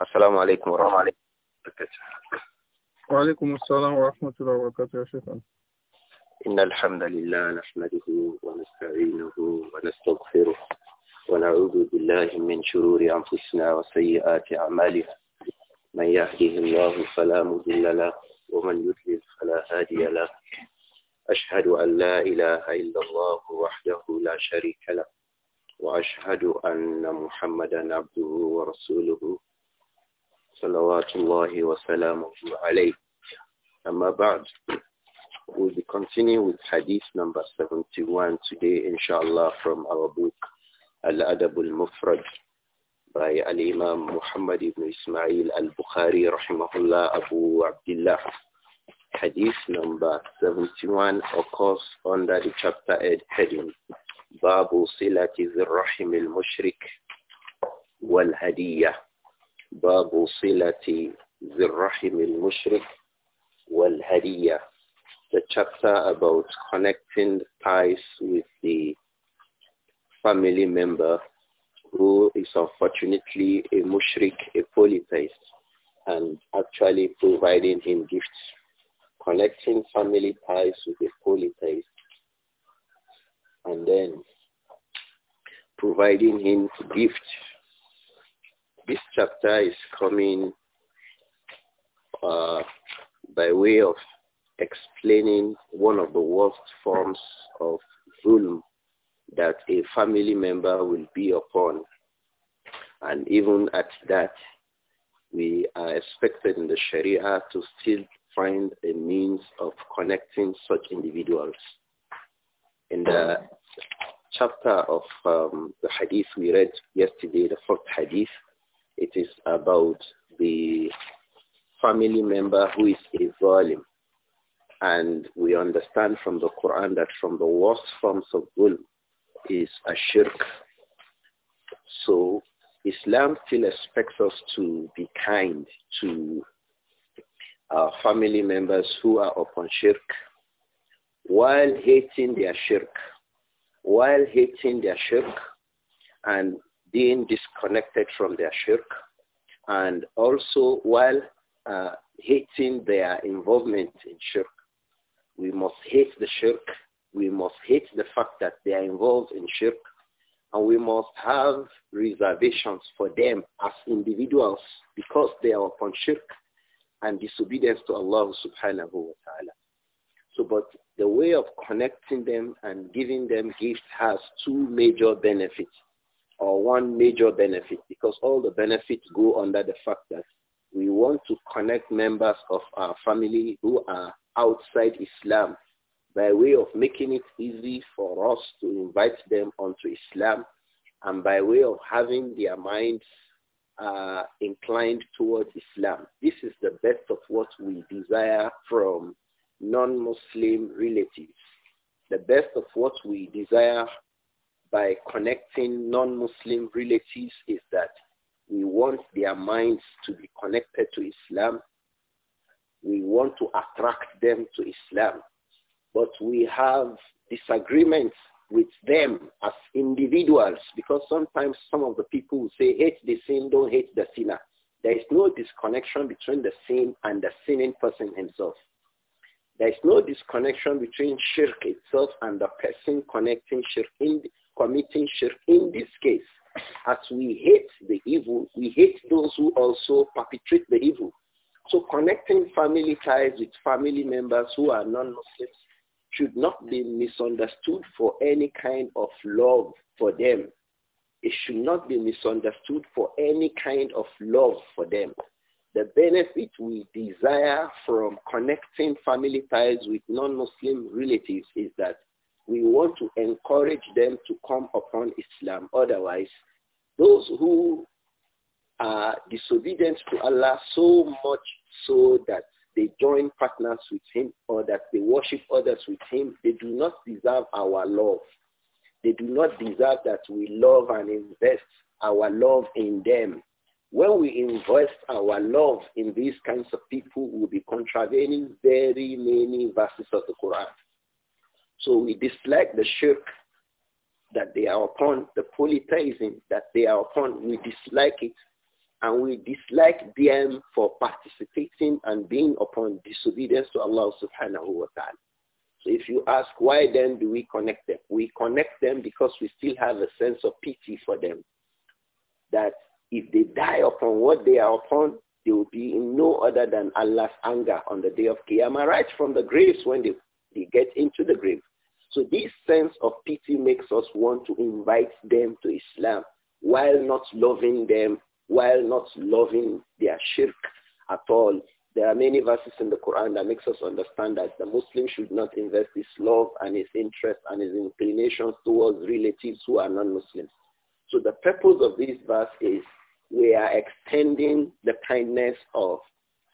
السلام عليكم ورحمة الله وبركاته وعليكم السلام ورحمة الله وبركاته يا شيخنا إن الحمد لله نحمده ونستعينه ونستغفره ونعوذ بالله من شرور أنفسنا وسيئات أعمالنا من يهده الله فلا مضل له ومن يضلل فلا هادي له أشهد أن لا إله إلا الله وحده لا شريك له وأشهد أن محمدا عبده ورسوله صلوات الله وسلامه عليه أما بعد We'll be continuing with hadith number 71 today, inshallah, from our book Al-Adab al-Mufrad by Al-Imam Muhammad ibn Ismail al-Bukhari, rahimahullah, Abu Abdullah. Hadith number 71 occurs under the chapter head heading Babu Silati Zirrahim al-Mushrik wal-Hadiyah. باب صلة ذي الرحم المشرك والهدية the chapter about connecting ties with the family member who is unfortunately a mushrik, a polytheist, and actually providing him gifts. Connecting family ties with a polytheist and then providing him gifts this chapter is coming uh, by way of explaining one of the worst forms of zulm that a family member will be upon. And even at that, we are expected in the Sharia to still find a means of connecting such individuals. In the chapter of um, the hadith we read yesterday, the fourth hadith, it is about the family member who is a volume. And we understand from the Quran that from the worst forms of zulm is a shirk. So Islam still expects us to be kind to our family members who are upon shirk while hating their shirk, while hating their shirk and being disconnected from their shirk and also while uh, hating their involvement in shirk. We must hate the shirk. We must hate the fact that they are involved in shirk. And we must have reservations for them as individuals because they are upon shirk and disobedience to Allah subhanahu wa ta'ala. So, but the way of connecting them and giving them gifts has two major benefits or one major benefit because all the benefits go under the fact that we want to connect members of our family who are outside Islam by way of making it easy for us to invite them onto Islam and by way of having their minds uh, inclined towards Islam. This is the best of what we desire from non-Muslim relatives. The best of what we desire by connecting non-Muslim relatives is that we want their minds to be connected to Islam. We want to attract them to Islam. But we have disagreements with them as individuals because sometimes some of the people say hate the sin, don't hate the sinner. There is no disconnection between the sin and the sinning person himself. There is no disconnection between shirk itself and the person connecting shirk. In committing shirk. In this case, as we hate the evil, we hate those who also perpetrate the evil. So connecting family ties with family members who are non-Muslims should not be misunderstood for any kind of love for them. It should not be misunderstood for any kind of love for them. The benefit we desire from connecting family ties with non-Muslim relatives is that we want to encourage them to come upon Islam. Otherwise, those who are disobedient to Allah so much so that they join partners with him or that they worship others with him, they do not deserve our love. They do not deserve that we love and invest our love in them. When we invest our love in these kinds of people, we'll be contravening very many verses of the Quran. So we dislike the shirk that they are upon, the polytheism that they are upon. We dislike it and we dislike them for participating and being upon disobedience to Allah subhanahu wa ta'ala. So if you ask why then do we connect them? We connect them because we still have a sense of pity for them. That if they die upon what they are upon, they will be in no other than Allah's anger on the day of Qiyamah, right from the graves when they they get into the grave. So this sense of pity makes us want to invite them to Islam while not loving them, while not loving their shirk at all. There are many verses in the Quran that makes us understand that the Muslim should not invest his love and his interest and his inclinations towards relatives who are non-Muslims. So the purpose of this verse is we are extending the kindness of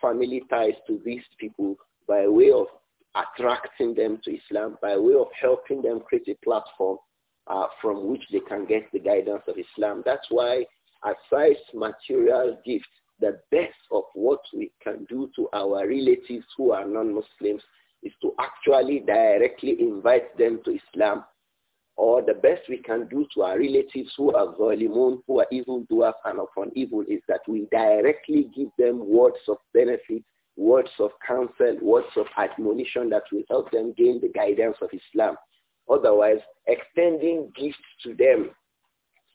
family ties to these people by way of attracting them to Islam by way of helping them create a platform uh, from which they can get the guidance of Islam. That's why aside material gifts, the best of what we can do to our relatives who are non-Muslims is to actually directly invite them to Islam. Or the best we can do to our relatives who are zalimun, who are evil doers and upon evil is that we directly give them words of benefit words of counsel, words of admonition that will help them gain the guidance of Islam. Otherwise, extending gifts to them,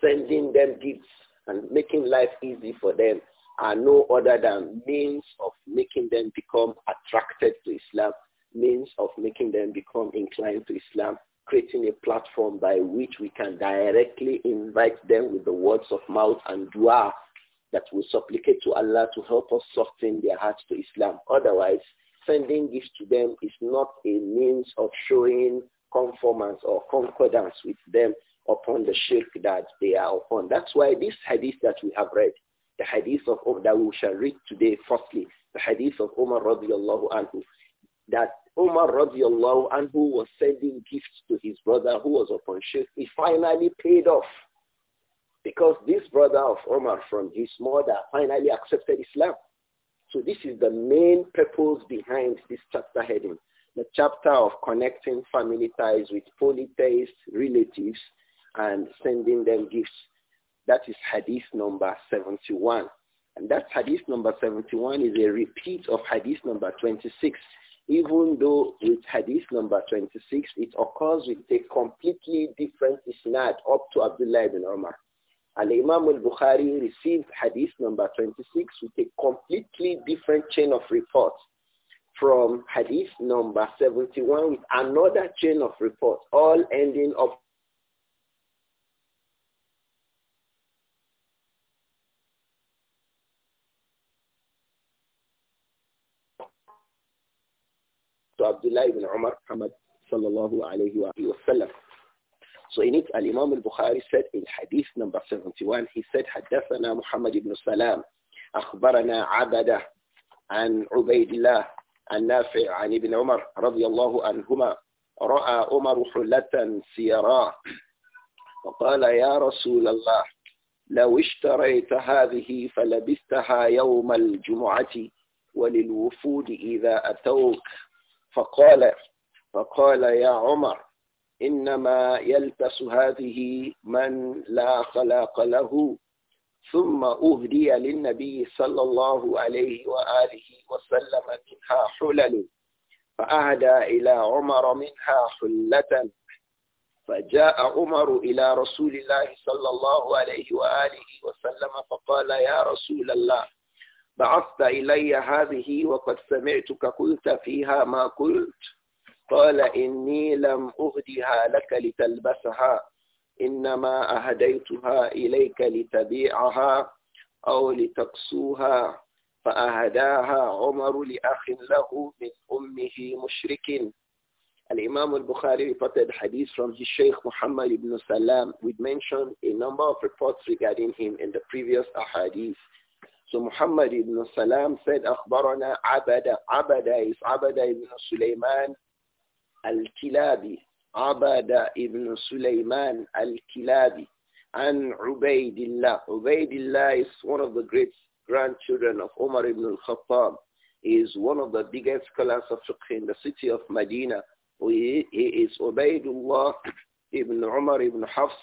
sending them gifts and making life easy for them are no other than means of making them become attracted to Islam, means of making them become inclined to Islam, creating a platform by which we can directly invite them with the words of mouth and dua that will supplicate to Allah to help us soften their hearts to Islam. Otherwise, sending gifts to them is not a means of showing conformance or concordance with them upon the shirk that they are upon. That's why this hadith that we have read, the hadith of that we shall read today, firstly, the hadith of Umar radiallahu anhu, that Umar radiallahu anhu was sending gifts to his brother who was upon shirk. He finally paid off because this brother of Omar from his mother finally accepted Islam. So this is the main purpose behind this chapter heading. The chapter of connecting family ties with polytheist relatives and sending them gifts. That is hadith number 71. And that hadith number 71 is a repeat of hadith number 26. Even though with hadith number 26, it occurs with a completely different isnad up to Abdullah ibn Omar. Al-Imam al-Bukhari received hadith number 26 with a completely different chain of reports from hadith number 71 with another chain of reports, all ending up to Abdullah ibn Umar Muhammad sallallahu alayhi wa sallam. So in it, Al-Imam al-Bukhari said in hadith number 71, he said, حدثنا محمد بن سلام أخبرنا عبده عن عبيد الله النافع عن ابن عمر رضي الله عنهما رأى عمر حلة سيراء فقال يا رسول الله لو اشتريت هذه فلبستها يوم الجمعة وللوفود إذا أتوك فقال فقال يا عمر إنما يلبس هذه من لا خلاق له ثم أهدي للنبي صلى الله عليه وآله وسلم منها حلل فأهدى إلى عمر منها حلة فجاء عمر إلى رسول الله صلى الله عليه وآله وسلم فقال يا رسول الله بعثت إلي هذه وقد سمعتك قلت فيها ما قلت قال إني لم أهدها لك لتلبسها إنما أهديتها إليك لتبيعها أو لتقسوها فأهداها عمر لأخ له من أمه مشرك Al-Imam al-Bukhari reported hadith from his Sheikh Muhammad ibn Salam. We mentioned a number of reports regarding him in the previous hadith So Muhammad ibn Salam said, أخبرنا عبد عبد is عبد ibn Sulaiman الكلابي عبد ابن سليمان الكلابي عن عبيد الله عبيد الله is one of the great grandchildren of Umar ibn al-Khattab he is one of the biggest scholars of fiqh in the city of Medina he, he is Ubaidullah ibn Umar ibn Hafs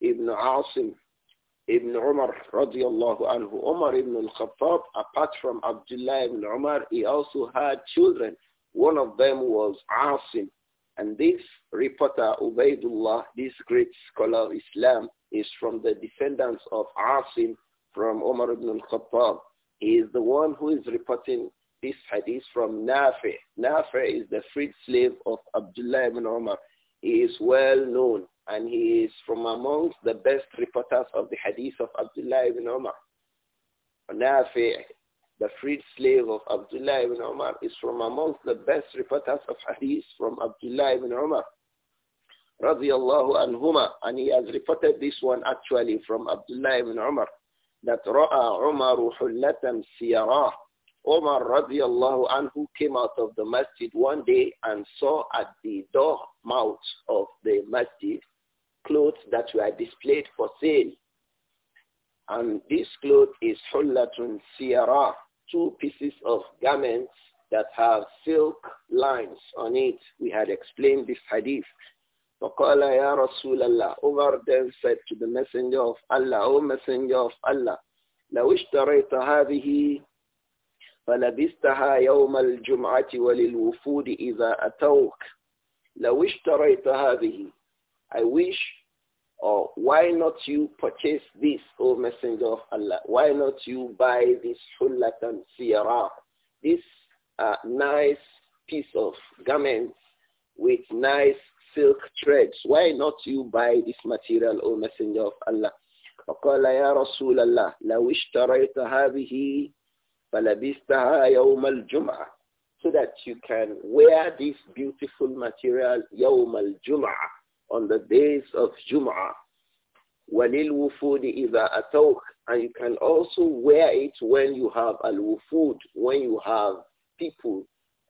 ibn Asim Ibn Umar radiallahu anhu. Umar ibn al-Khattab, apart from Abdullah ibn Umar, he also had children. One of them was Asim. And this reporter, Ubaidullah, this great scholar of Islam, is from the descendants of Asim from Omar ibn al-Khattab. He is the one who is reporting this hadith from Nafi. Nafi is the freed slave of Abdullah ibn Omar. He is well known and he is from amongst the best reporters of the hadith of Abdullah ibn Omar. Nafi the freed slave of Abdullah ibn Umar is from amongst the best reporters of hadith from Abdullah ibn Umar radiyallahu anhuma and he has reported this one actually from Abdullah ibn Umar that ra'a Umar hullatan siyarah Umar radiyallahu anhu came out of the masjid one day and saw at the door mouth of the masjid clothes that were displayed for sale. And this cloth is hullatun siyarah two pieces of garments that have silk lines on it. We had explained this hadith. فَقَالَ يَا رَسُولَ اللَّهِ Umar then said to the messenger of Allah, O messenger of Allah, لو اشتريت هذه فلبستها يوم الجمعة وللوفود إذا أتوك لو اشتريت هذه I wish or why not you purchase this, O Messenger of Allah? Why not you buy this hullatan Sierra, this uh, nice piece of garment with nice silk threads? Why not you buy this material, O Messenger of Allah? فقال يا رسول الله لو اشتريت هذه فلبستها يوم الجمعة so that you can wear this beautiful material يوم الجمعة on the days of Jum'ah. وَلِلْوُفُودِ إِذَا أَتَوْكَ And you can also wear it when you have al-wufud, when you have people,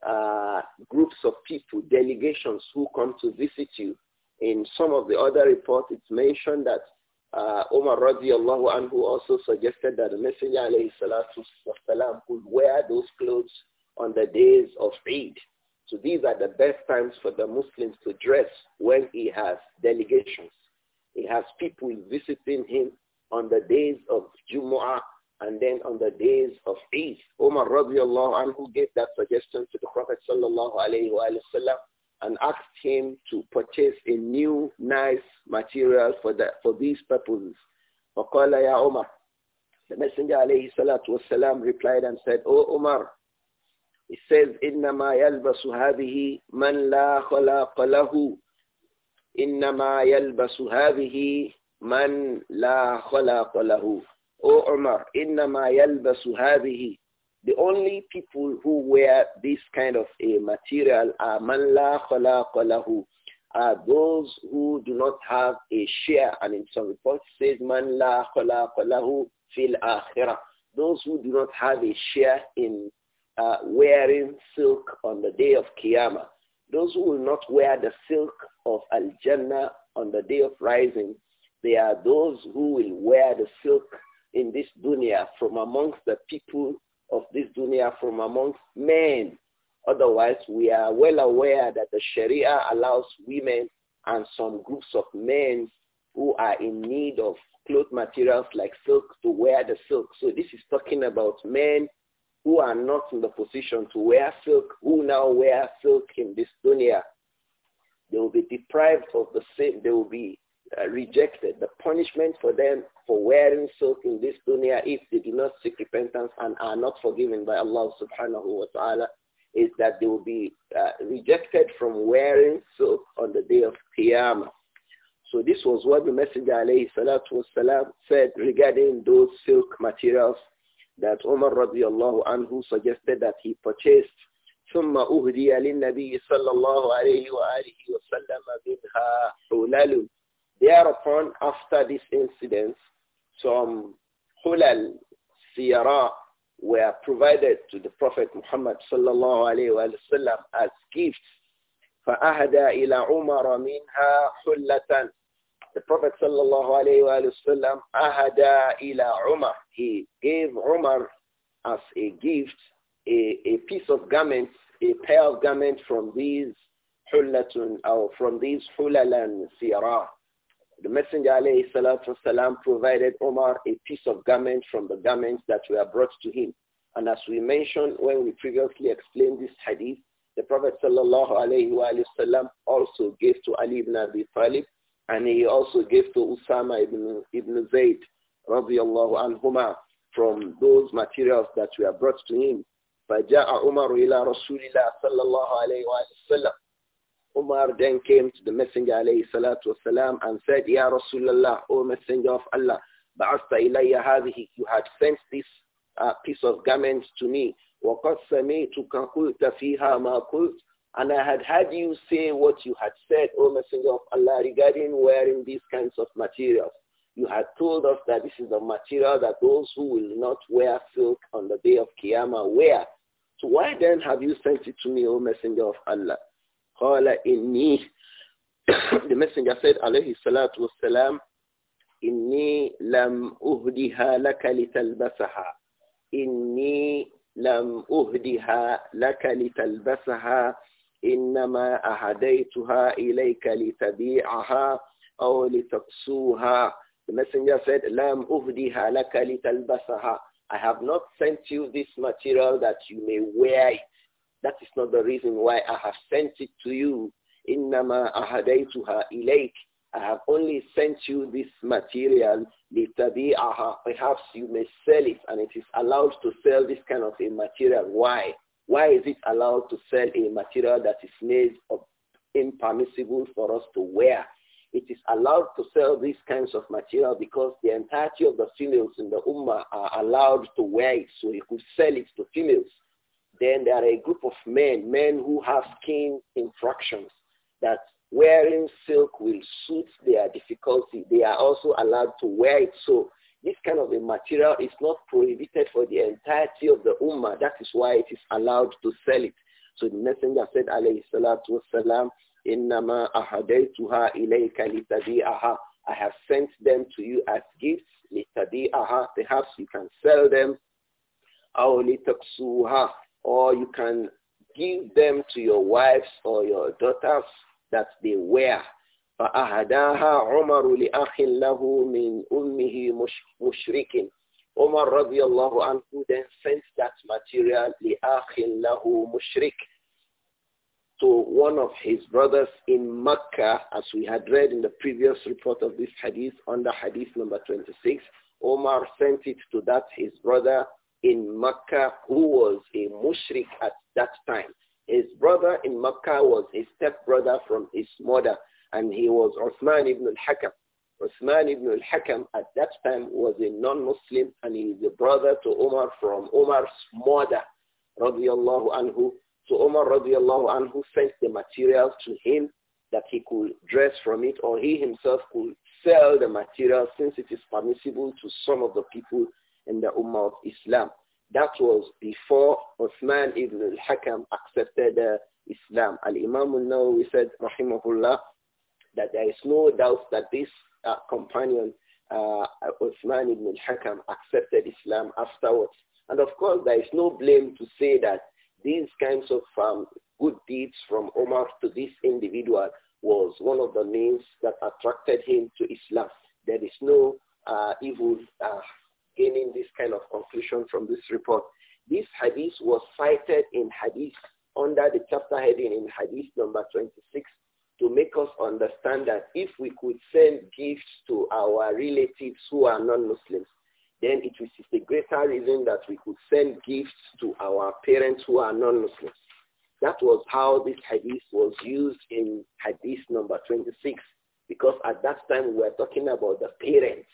uh, groups of people, delegations who come to visit you. In some of the other reports, it's mentioned that uh, Umar radiallahu anhu also suggested that the Messenger of Allah could wear those clothes on the days of Eid. So these are the best times for the Muslims to dress when he has delegations. He has people visiting him on the days of Jumu'ah and then on the days of Eid. Umar radiallahu anhu gave that suggestion to the Prophet sallallahu alayhi wa sallam and asked him to purchase a new nice material for, the, for these purposes. فقال ya عمر The Messenger alayhi salatu wasalam replied and said, O oh, Umar, it says "Inna innama yalbasu hadhihi man la khalaqa Inna innama yalbasu hadhihi man la khalaqa lahu o umar innama yalbasu hadhihi the only people who wear this kind of a material are man la khalaqa lahu are those who do not have a share and in some reports says man la khalaqa lahu fil akhirah those who do not have a share in uh, wearing silk on the day of Qiyamah. Those who will not wear the silk of Al-Jannah on the day of rising, they are those who will wear the silk in this dunya from amongst the people of this dunya, from amongst men. Otherwise, we are well aware that the Sharia allows women and some groups of men who are in need of cloth materials like silk to wear the silk. So this is talking about men who are not in the position to wear silk, who now wear silk in this dunya, they will be deprived of the same, they will be uh, rejected. The punishment for them for wearing silk in this dunya if they do not seek repentance and are not forgiven by Allah subhanahu wa ta'ala is that they will be uh, rejected from wearing silk on the day of Qiyamah. So this was what the Messenger alayhi salatu said regarding those silk materials that Umar radiallahu anhu suggested that he purchased ثم أهدي للنبي صلى الله عليه وآله وسلم منها حلال Thereupon, after this incident, some hulal, siyara, were provided to the Prophet Muhammad sallallahu alayhi wa sallam as gifts. فأهدى إلى عمر منها حلة the Prophet sallallahu alayhi wa sallam ahada ila Umar. He gave Umar as a gift a, a piece of garment, a pair of garment from these hulatun or from these hulalan sirah. The Messenger alayhi salatu wasalam provided Omar a piece of garment from the garments that were brought to him. And as we mentioned when we previously explained this hadith, the Prophet sallallahu alayhi wa also gave to Ali ibn Abi Talib and he also gave to Usama ibn, ibn Zayd, radiallahu anhuma, from those materials that were brought to him. فَجَاءَ عُمَرُ إِلَى رَسُولِ اللَّهِ صَلَّى اللَّهُ عَلَيْهِ وَسَلَّمَ Umar then came to the Messenger alayhi salatu wasalam and said, Ya Rasulallah, O Messenger of Allah, ba'asta ilayya hadhihi, you had sent this uh, piece of garment to me. وَقَدْ سَمِيتُكَ قُلْتَ فِيهَا مَا قُلْتَ and I had heard you say what you had said, O Messenger of Allah, regarding wearing these kinds of materials. You had told us that this is the material that those who will not wear silk on the day of Qiyamah wear. So why then have you sent it to me, O Messenger of Allah? Qala inni. the Messenger said, alayhi salatu wassalam, inni lam uhdiha laka litalbasaha. Inni lam uhdiha laka litalbasaha إنما أهديتها إليك لتبيعها أو لتقصوها The messenger said, لم أهديها لك لتلبسها I have not sent you this material that you may wear it. That is not the reason why I have sent it to you. إنما أهديتها إليك I have only sent you this material, لتبيعها. Perhaps you may sell it, and it is allowed to sell this kind of a material. Why? Why is it allowed to sell a material that is made of impermissible for us to wear? It is allowed to sell these kinds of material because the entirety of the females in the Ummah are allowed to wear it, so you could sell it to females. Then there are a group of men, men who have skin infractions, that wearing silk will suit their difficulty. They are also allowed to wear it. So this kind of a material is not prohibited for the entirety of the ummah. That is why it is allowed to sell it. So the messenger said, alayhi salatu wasalam, innama ahadaytuha ilayka litabi'aha. I have sent them to you as gifts, litabi'aha. Perhaps you can sell them, aw or you can give them to your wives or your daughters that they wear فأهداها عمر لأخ له من أمه مشرك Umar radiallahu anhu then sent that material لأخ له مشرك to one of his brothers in Mecca, as we had read in the previous report of this hadith, under hadith number 26, Omar sent it to that his brother in Mecca, who was a mushrik at that time. His brother in Mecca was a stepbrother from his mother and he was Uthman ibn al-Hakam. Uthman ibn al-Hakam at that time was a non-Muslim and he is a brother to Umar from Umar's mother, radiallahu anhu. So Umar radiallahu anhu sent the materials to him that he could dress from it or he himself could sell the material since it is permissible to some of the people in the Ummah of Islam. That was before Uthman ibn al-Hakam accepted uh, Islam. Al-Imam al-Nawawi said, rahimahullah, that there is no doubt that this uh, companion, uh, Uthman ibn al-Hakam, accepted Islam afterwards. And of course, there is no blame to say that these kinds of um, good deeds from Omar to this individual was one of the means that attracted him to Islam. There is no uh, evil uh, gaining this kind of conclusion from this report. This hadith was cited in hadith under the chapter heading in hadith number 26 to make us understand that if we could send gifts to our relatives who are non-Muslims, then it is a greater reason that we could send gifts to our parents who are non-Muslims. That was how this hadith was used in hadith number 26, because at that time we were talking about the parents.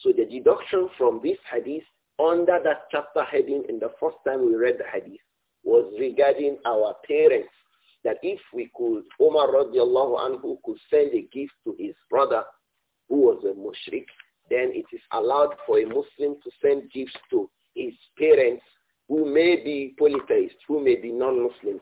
So the deduction from this hadith under that chapter heading in the first time we read the hadith was regarding our parents that if we could, Omar radiallahu anhu could send a gift to his brother who was a mushrik, then it is allowed for a Muslim to send gifts to his parents who may be polytheists, who may be non-Muslims.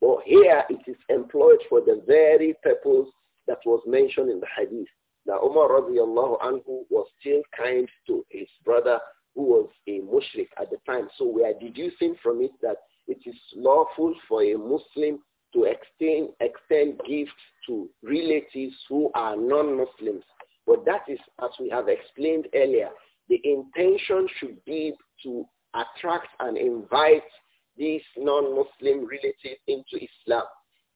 But here it is employed for the very purpose that was mentioned in the hadith. Now Umar radiallahu anhu was still kind to his brother who was a mushrik at the time. So we are deducing from it that it is lawful for a Muslim to extend, extend gifts to relatives who are non-Muslims. But that is, as we have explained earlier, the intention should be to attract and invite these non-Muslim relatives into Islam.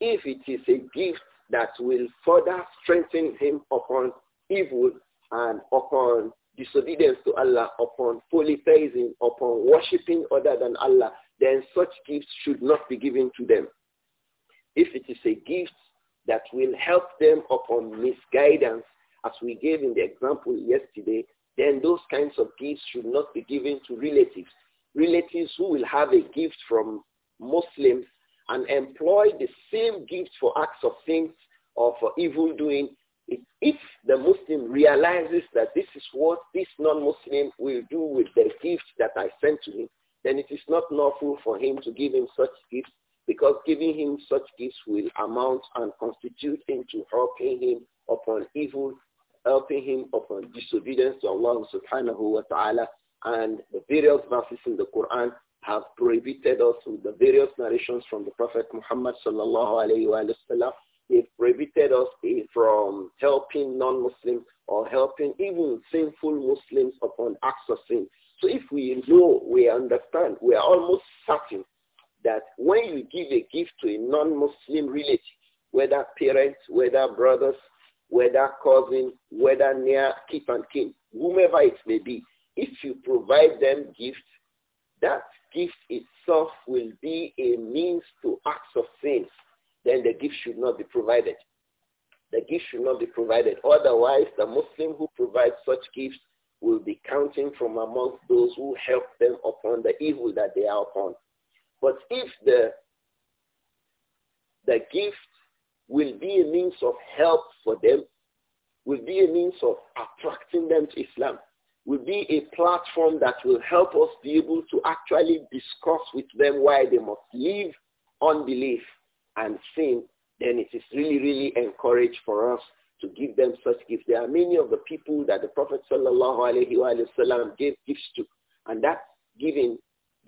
If it is a gift that will further strengthen him upon evil and upon disobedience to Allah, upon polytheism, upon worshipping other than Allah, then such gifts should not be given to them if it is a gift that will help them upon misguidance, as we gave in the example yesterday, then those kinds of gifts should not be given to relatives. Relatives who will have a gift from Muslims and employ the same gift for acts of things or for evil doing, if the Muslim realizes that this is what this non-Muslim will do with the gift that I sent to him, then it is not lawful for him to give him such gifts because giving him such gifts will amount and constitute into helping him upon evil, helping him upon disobedience to Allah subhanahu wa ta'ala. And the various verses in the Quran have prohibited us with the various narrations from the Prophet Muhammad sallallahu alayhi wa sallam. They've prohibited us from helping non-Muslims or helping even sinful Muslims upon acts of sin. So if we know, we understand, we are almost certain that when you give a gift to a non-Muslim relative, whether parents, whether brothers, whether cousin, whether near keep and kin, whomever it may be, if you provide them gifts, that gift itself will be a means to acts of sins. Then the gift should not be provided. The gift should not be provided. Otherwise, the Muslim who provides such gifts will be counting from amongst those who help them upon the evil that they are upon. But if the, the gift will be a means of help for them, will be a means of attracting them to Islam, will be a platform that will help us be able to actually discuss with them why they must leave unbelief and sin, then it is really, really encouraged for us to give them such gifts. There are many of the people that the Prophet sallallahu gave gifts to, and that giving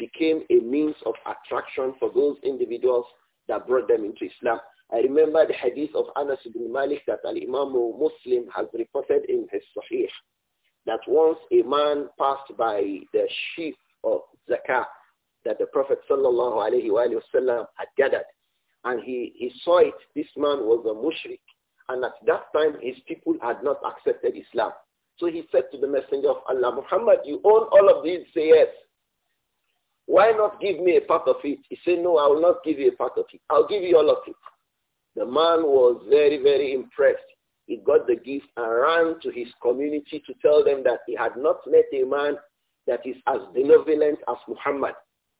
became a means of attraction for those individuals that brought them into Islam. I remember the hadith of Anas ibn Malik that Al-Imam Muslim has reported in his Sahih that once a man passed by the sheaf of zakah that the Prophet sallallahu alaihi wasallam had gathered and he, he saw it, this man was a mushrik and at that time his people had not accepted Islam. So he said to the messenger of Allah, Muhammad, you own all of these? Say yes. Why not give me a part of it? He said, no, I will not give you a part of it. I'll give you all of it. The man was very, very impressed. He got the gift and ran to his community to tell them that he had not met a man that is as benevolent as Muhammad.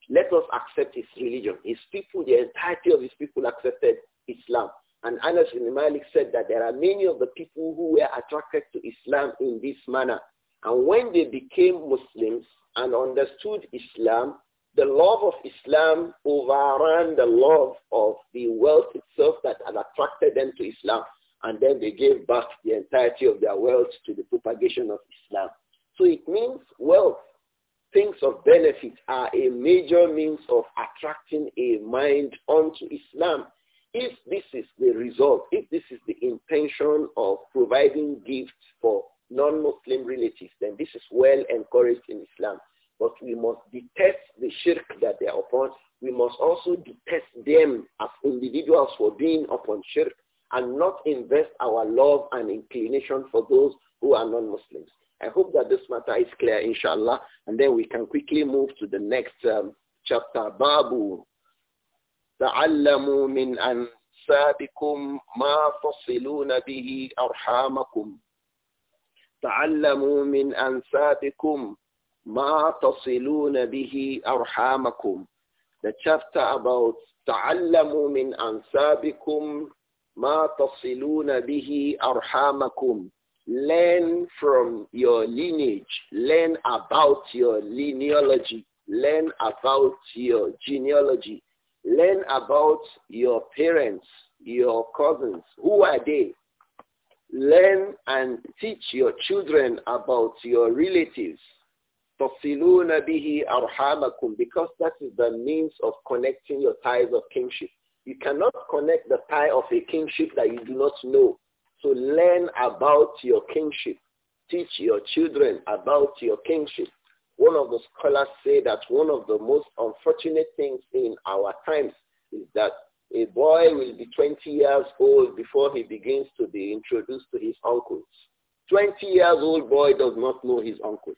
Let us accept his religion. His people, the entirety of his people accepted Islam. And Anas ibn Malik said that there are many of the people who were attracted to Islam in this manner. And when they became Muslims and understood Islam, the love of Islam overran the love of the wealth itself that had attracted them to Islam. And then they gave back the entirety of their wealth to the propagation of Islam. So it means wealth, things of benefit are a major means of attracting a mind onto Islam. If this is the result, if this is the intention of providing gifts for non-Muslim relatives, then this is well encouraged in Islam. But we must detest the shirk that they are upon. We must also detest them as individuals for being upon shirk and not invest our love and inclination for those who are non-Muslims. I hope that this matter is clear, inshallah, and then we can quickly move to the next um, chapter. Babu, تعلموا من أنسابكم ما تصلون به أرحامكم. تعلموا من أنسابكم مَا تَصِلُونَ بِهِ أَرْحَامَكُمْ The chapter about تَعَلَّمُوا مِنْ أَنْسَابِكُمْ مَا تَصِلُونَ بِهِ أَرْحَامَكُمْ Learn from your lineage. Learn about your lineology. Learn about your genealogy. Learn about your parents, your cousins. Who are they? Learn and teach your children about your relatives تَصِلُونَ بِهِ أَرْحَامَكُمْ Because that is the means of connecting your ties of kingship. You cannot connect the tie of a kingship that you do not know. So learn about your kingship. Teach your children about your kingship. One of the scholars say that one of the most unfortunate things in our times is that a boy will be 20 years old before he begins to be introduced to his uncles. 20 years old boy does not know his uncles.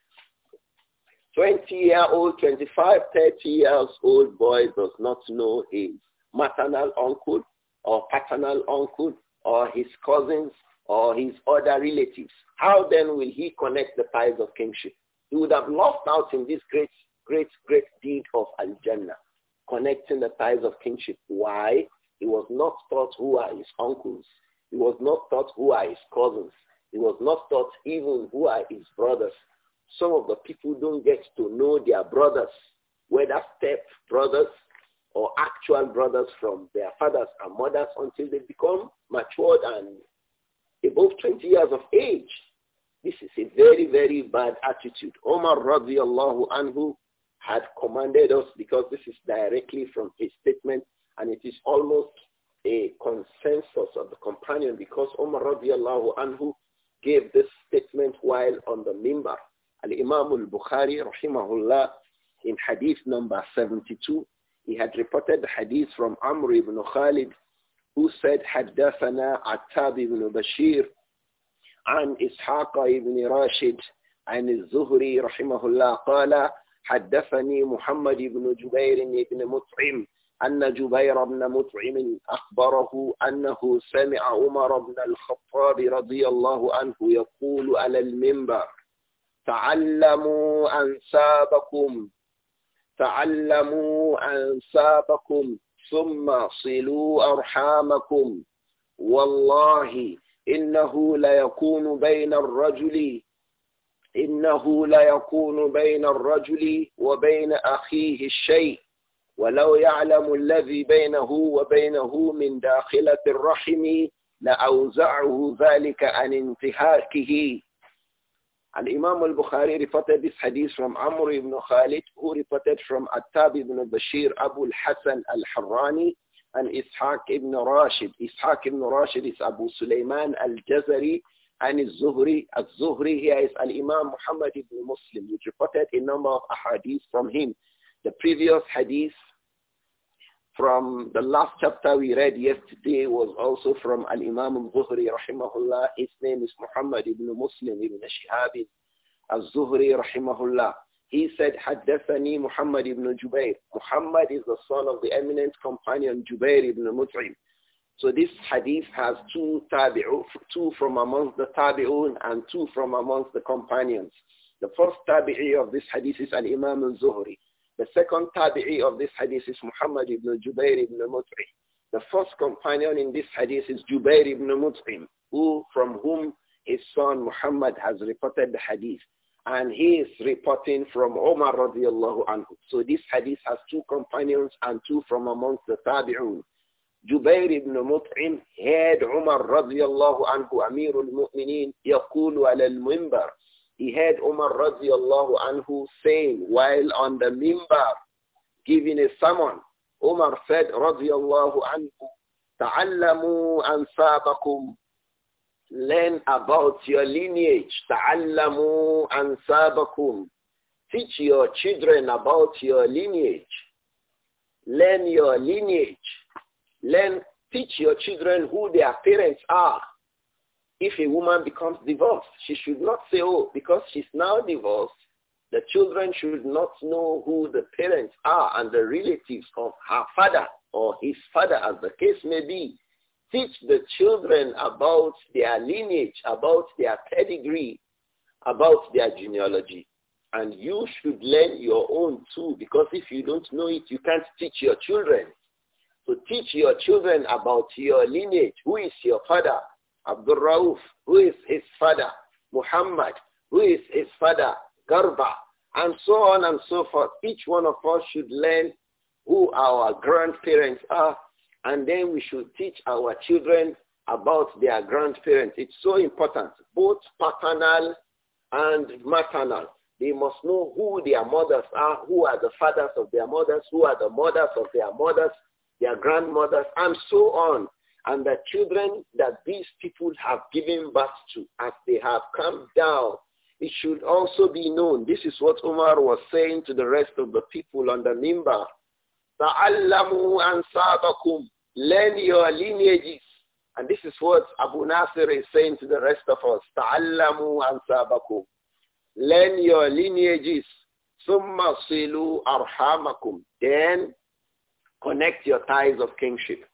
20-year-old, 25, 30 years old boy does not know his maternal uncle or paternal uncle or his cousins or his other relatives. How then will he connect the ties of kingship? He would have lost out in this great, great, great deed of Al-Jannah, connecting the ties of kingship. Why? He was not taught who are his uncles. He was not taught who are his cousins. He was not taught even who are his brothers. Some of the people don't get to know their brothers, whether step brothers or actual brothers from their fathers and mothers until they become matured and above 20 years of age. This is a very, very bad attitude. Omar radiallahu anhu had commanded us because this is directly from his statement and it is almost a consensus of the companion because Omar radiallahu anhu gave this statement while on the mimbar. الإمام البخاري رحمه الله rahimahullah, in hadith number 72, he had reported the hadith from Amr ibn Khalid, who said, حدثنا عتاب بن بشير عن إسحاق بن راشد عن الزهري رحمه الله قال حدثني محمد بن جبير بن مطعم أن جبير بن مطعم أخبره أنه سمع عمر بن الخطاب رضي الله عنه يقول على المنبر تعلموا أنسابكم تعلموا أنسابكم ثم صلوا أرحامكم والله إنه ليكون بين الرجل إنه ليكون بين الرجل وبين أخيه الشيء ولو يعلم الذي بينه وبينه من داخلة الرحم لأوزعه ذلك عن انتهاكه Al-Imam al-Bukhari reported this hadith from Amr ibn Khalid, who reported from Attab ibn Bashir, Abu al-Hasan al-Harrani, and Ishaq ibn Rashid. Ishaq ibn Rashid is Abu Sulaiman al-Jazari, and al-Zuhri. Al-Zuhri here is Al-Imam Muhammad ibn Muslim, which reported a number of hadiths from him. The previous hadith from the last chapter we read yesterday was also from Al-Imam Al-Zuhri rahimahullah. His name is Muhammad ibn Muslim ibn Shihab Al-Zuhri rahimahullah. He said, Haddathani Muhammad ibn Jubair. Muhammad is the son of the eminent companion Jubair ibn Mut'im. So this hadith has two tabi'un, two from amongst the tabi'un and two from amongst the companions. The first tabi'i of this hadith is Al-Imam Al-Zuhri. The second tabi'i of this hadith is Muhammad ibn Jubair ibn Mut'im. The first companion in this hadith is Jubair ibn Mut'im, who, from whom his son Muhammad has reported the hadith. And he is reporting from Omar radiallahu anhu. So this hadith has two companions and two from amongst the tabi'un. Jubair ibn Mut'im heard Umar radiallahu anhu, Amirul Mu'mineen, ala al المنبر he heard Umar radiallahu anhu saying while on the mimbar giving a sermon, Umar said radiallahu anhu, ta'allamu ansabakum learn about your lineage. Ta'allamu ansabakum. Teach your children about your lineage. Learn your lineage. Learn, teach your children who their parents are. If a woman becomes divorced, she should not say, oh, because she's now divorced, the children should not know who the parents are and the relatives of her father or his father, as the case may be. Teach the children about their lineage, about their pedigree, about their genealogy. And you should learn your own too, because if you don't know it, you can't teach your children. So teach your children about your lineage. Who is your father? Abdul Rauf, who is his father, Muhammad, who is his father, Garba, and so on and so forth. Each one of us should learn who our grandparents are, and then we should teach our children about their grandparents. It's so important, both paternal and maternal. They must know who their mothers are, who are the fathers of their mothers, who are the mothers of their mothers, their grandmothers, and so on. And the children that these people have given birth to as they have come down, it should also be known. This is what Umar was saying to the rest of the people on the mimbar. Ta'allamu ansabakum. Learn your lineages. And this is what Abu Nasir is saying to the rest of us. Ta'allamu ansabakum. Learn your lineages. Summa silu Then connect your ties of kingship.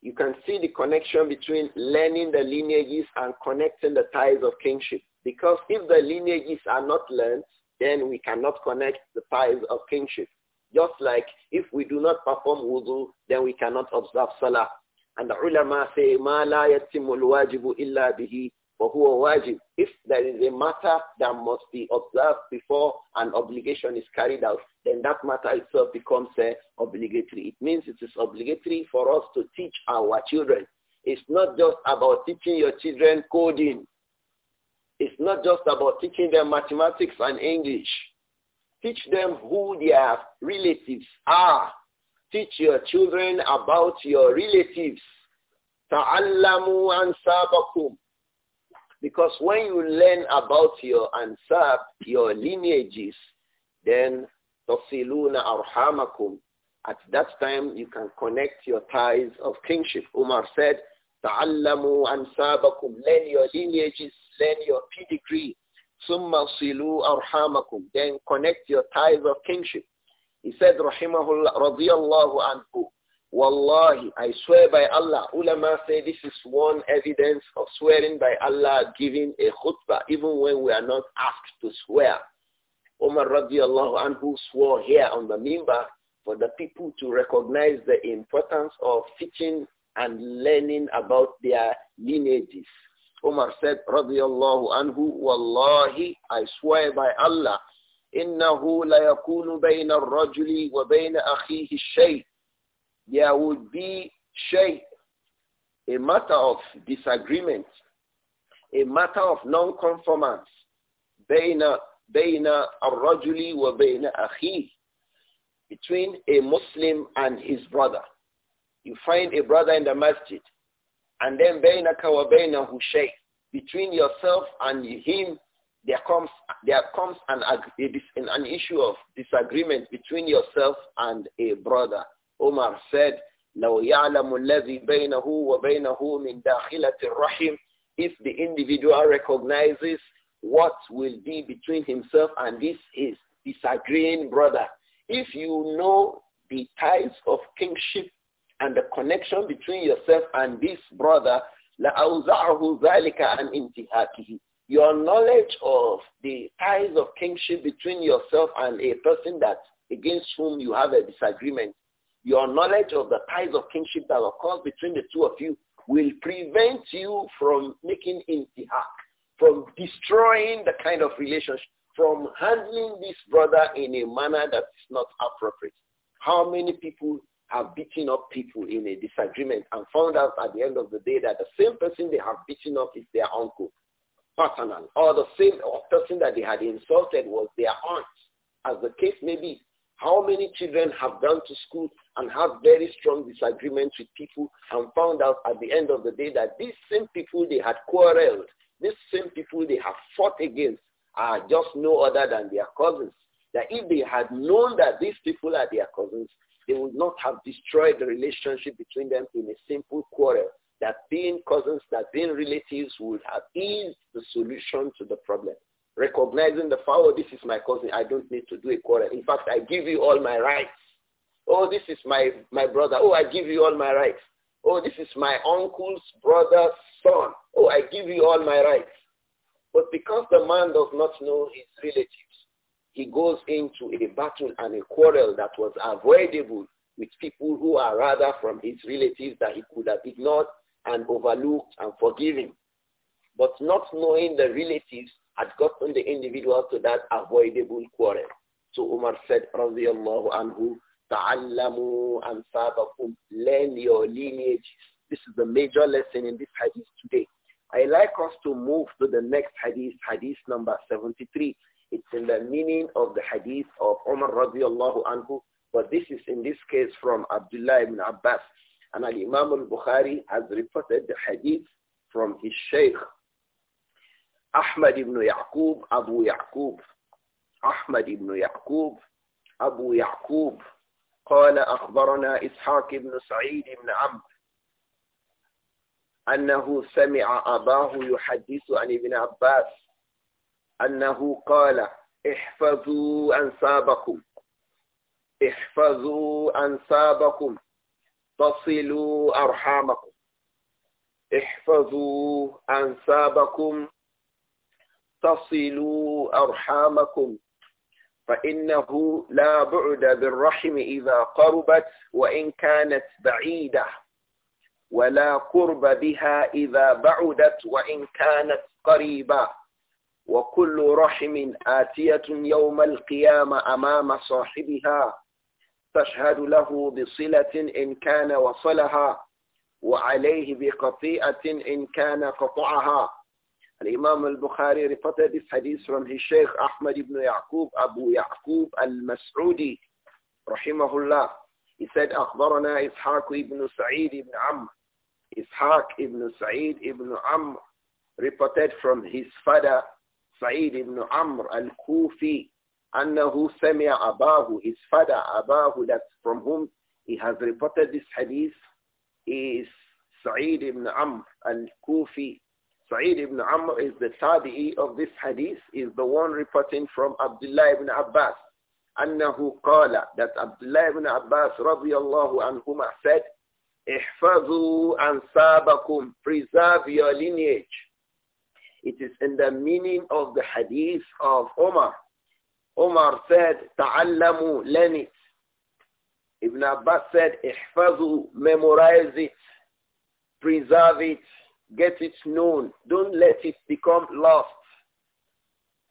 You can see the connection between learning the lineages and connecting the ties of kingship. Because if the lineages are not learned, then we cannot connect the ties of kingship. Just like if we do not perform wudu, then we cannot observe salah. And the ulama say, مَا لَا يَتِمُ الْوَاجِبُ إِلَّا بِهِ وَهُوَ wajib. If there is a matter that must be observed before an obligation is carried out, then that matter itself becomes uh, obligatory. It means it is obligatory for us to teach our children. It's not just about teaching your children coding. It's not just about teaching them mathematics and English. Teach them who their relatives are. Teach your children about your relatives. Because when you learn about your ansab, your lineages, then tasiluna arhamakum. At that time, you can connect your ties of kingship. Umar said, ta'allamu ansabakum. Learn your lineages, learn your pedigree. Summa silu arhamakum. Then connect your ties of kingship. He said, rahimahullah, radiyallahu anhu. Wallahi, I swear by Allah. Ulama say this is one evidence of swearing by Allah giving a khutbah, even when we are not asked to swear. Umar radiallahu anhu swore here on the mimbar for the people to recognize the importance of teaching and learning about their lineages. Umar said, radiallahu anhu, Wallahi, I swear by Allah, إنه ليكون بين الرجل وبين أخيه الشيء there would be shay, a matter of disagreement, a matter of non-conformance, between a Muslim and his brother. You find a brother in the masjid, and then between yourself and him, there comes, there comes an, an issue of disagreement between yourself and a brother. Omar said, لو يعلم الذي بينه وبينه من داخلة الرحم if the individual recognizes what will be between himself and this is disagreeing brother. If you know the ties of kingship and the connection between yourself and this brother, لَأَوْزَعَهُ ذَلِكَ عَنْ إِنْتِهَاكِهِ Your knowledge of the ties of kingship between yourself and a person that against whom you have a disagreement your knowledge of the ties of kinship that occurs between the two of you will prevent you from making intihak, from destroying the kind of relationship, from handling this brother in a manner that is not appropriate. How many people have beaten up people in a disagreement and found out at the end of the day that the same person they have beaten up is their uncle, paternal, or the same person that they had insulted was their aunt, as the case may be. How many children have gone to school and have very strong disagreements with people and found out at the end of the day that these same people they had quarreled, these same people they have fought against are just no other than their cousins. That if they had known that these people are their cousins, they would not have destroyed the relationship between them in a simple quarrel. That being cousins, that being relatives would have eased the solution to the problem. Recognizing the father, oh, this is my cousin, I don't need to do a quarrel. In fact, I give you all my rights. Oh, this is my, my brother. Oh, I give you all my rights. Oh, this is my uncle's brother's son. Oh, I give you all my rights. But because the man does not know his relatives, he goes into a battle and a quarrel that was avoidable with people who are rather from his relatives that he could have ignored and overlooked and forgiven. But not knowing the relatives had gotten the individual to that avoidable quarrel. So Umar said, radiallahu anhu, Ta'allamu ansabakum. Learn your lineage. This is the major lesson in this hadith today. I like us to move to the next hadith, hadith number 73. It's in the meaning of the hadith of Umar radiallahu anhu, but this is in this case from Abdullah ibn Abbas. And Al-Imam al-Bukhari has reported the hadith from his sheikh, Ahmad ibn Yaqub, Abu Yaqub. Ahmad ibn Yaqub, Abu Yaqub قال أخبرنا إسحاق بن سعيد بن عمرو أنه سمع أباه يحدث عن ابن عباس أنه قال احفظوا أنسابكم احفظوا أنسابكم تصلوا أرحامكم احفظوا أنسابكم تصلوا أرحامكم فإنه لا بعد بالرحم إذا قربت وإن كانت بعيدة ولا قرب بها إذا بعدت وإن كانت قريبة وكل رحم آتية يوم القيامة أمام صاحبها تشهد له بصلة إن كان وصلها وعليه بقطيئة إن كان قطعها الإمام imam al-Bukhari reported this hadith from his Sheikh Ahmad ibn Yaqub, Abu Yaqub al-Mas'udi, He said, أخبرنا إسحاق ibn Sa'id ibn Amr. Ishaq ibn Sa'id ibn Amr reported from his father, Sa'id ibn Amr al-Kufi, أنه سمع أباه, his father, أباه, that from whom he has reported this hadith is Sa'id ibn Amr al-Kufi, Sa'id ibn Amr is the tabi'i of this hadith, is the one reporting from Abdullah ibn Abbas. أنه قال that Abdullah ibn Abbas رضي الله عنهما said احفظوا أنسابكم preserve your lineage it is in the meaning of the hadith of Omar Omar said تعلموا learn it Ibn Abbas said "احفظوا memorize it preserve it Get it known. Don't let it become lost.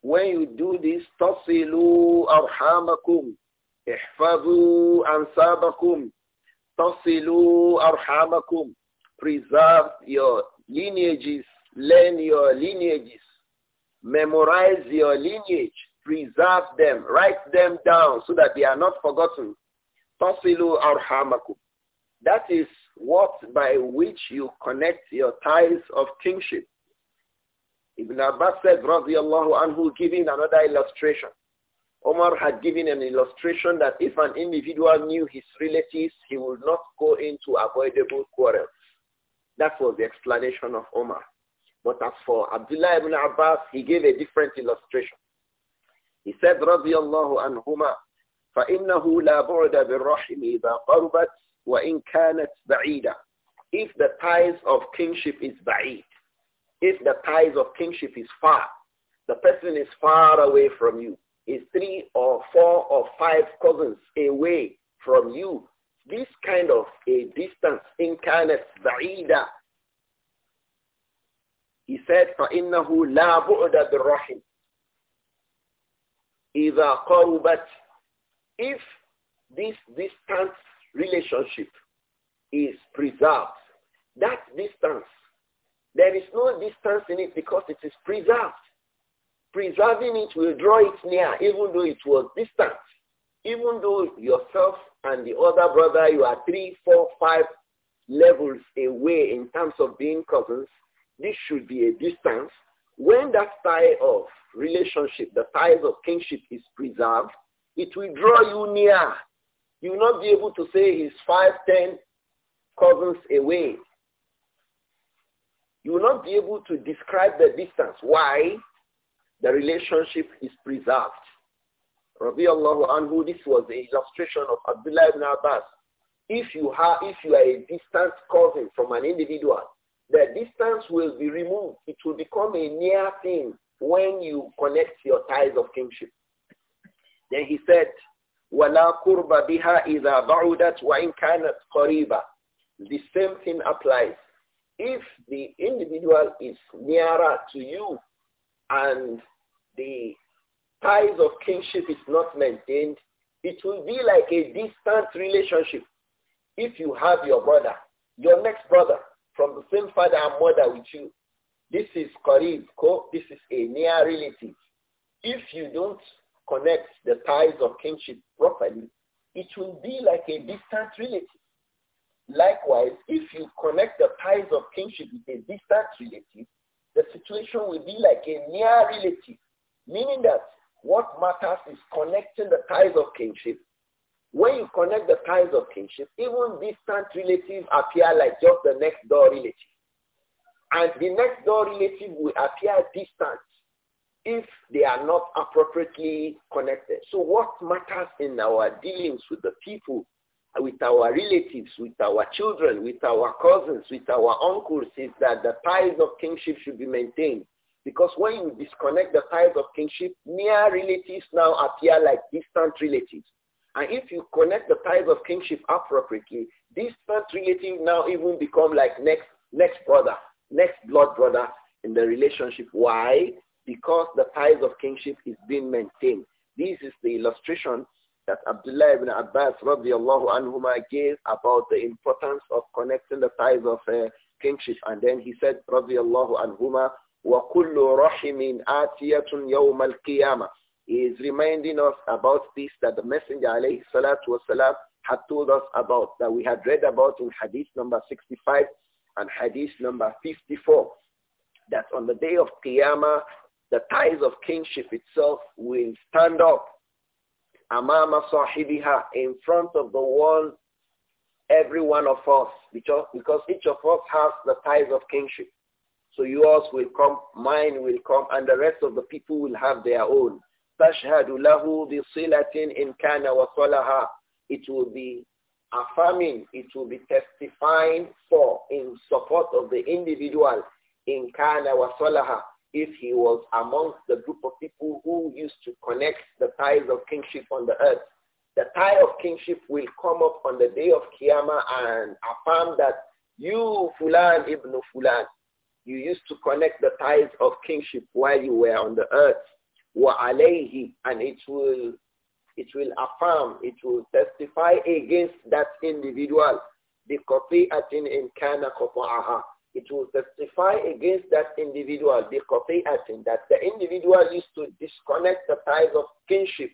When you do this, tasilu arhamakum. Ihfazu ansabakum. Tasilu arhamakum. Preserve your lineages. Learn your lineages. Memorize your lineage. Preserve them. Write them down so that they are not forgotten. Tasilu arhamakum. That is what by which you connect your ties of kingship. Ibn Abbas said, radiallahu anhu, giving another illustration. Omar had given an illustration that if an individual knew his relatives, he would not go into avoidable quarrels. That was the explanation of Omar. But as for Abdullah ibn Abbas, he gave a different illustration. He said, رضي الله فإنه لا بعد بالرحم إذا قربت وَإِنْ كَانَتْ بَعِيدًا If the ties of kingship is ba'id, if the ties of kingship is far, the person is far away from you, is three or four or five cousins away from you, this kind of a distance, in كَانَتْ بَعِيدًا He said, فَإِنَّهُ لَا بُعْدَ بِالرَّحِمِ إِذَا قَرُبَتْ If this distance relationship is preserved. That distance, there is no distance in it because it is preserved. Preserving it will draw it near even though it was distant. Even though yourself and the other brother, you are three, four, five levels away in terms of being cousins, this should be a distance. When that tie of relationship, the ties of kinship is preserved, it will draw you near you will not be able to say he's five, ten cousins away. You will not be able to describe the distance. Why? The relationship is preserved. Rabbi Allah Anhu, this was an illustration of Abdullah ibn Abbas. If you, have, if you are a distant cousin from an individual, the distance will be removed. It will become a near thing when you connect your ties of kinship. Then he said, وَلَا قُرْبَ بِهَا إِذَا بَعُدَتْ وَإِنْ كَانَتْ The same thing applies. If the individual is nearer to you and the ties of kinship is not maintained, it will be like a distant relationship. If you have your brother, your next brother from the same father and mother with you, this is Qarib, this is a near relative. If you don't connects the ties of kinship properly, it will be like a distant relative. Likewise, if you connect the ties of kinship with a distant relative, the situation will be like a near relative, meaning that what matters is connecting the ties of kinship. When you connect the ties of kinship, even distant relatives appear like just the next door relative. And the next door relative will appear distant if they are not appropriately connected. So what matters in our dealings with the people, with our relatives, with our children, with our cousins, with our uncles is that the ties of kingship should be maintained. Because when you disconnect the ties of kingship, near relatives now appear like distant relatives. And if you connect the ties of kingship appropriately, distant relatives now even become like next, next brother, next blood brother in the relationship. Why? because the ties of kingship is being maintained. This is the illustration that Abdullah ibn Abbas radiallahu anhuma gave about the importance of connecting the ties of uh, kingship. And then he said radiallahu anhuma, وَكُلُّ رَحِمٍ آتِيَةٌ يَوْمَ الْقِيَامَةِ He is reminding us about this that the Messenger alayhi salatu wasalam had told us about, that we had read about in hadith number 65 and hadith number 54, that on the day of Qiyamah, the ties of kingship itself will stand up amama sahibiha in front of the one every one of us because, because each of us has the ties of kingship. so yours will come mine will come and the rest of the people will have their own تشهد له بصلة إن كان وصلها it will be affirming it will be testifying for in support of the individual in kana wasalaha if he was amongst the group of people who used to connect the ties of kingship on the earth. The tie of kingship will come up on the day of Qiyamah and affirm that you, Fulan ibn Fulan, you used to connect the ties of kingship while you were on the earth. وَعَلَيْهِ And it will, it will affirm, it will testify against that individual. بِقَطِيئَةٍ in kana قَطَعَهَا it will testify against that individual Because بقطيئة that the individual used to disconnect the ties of kinship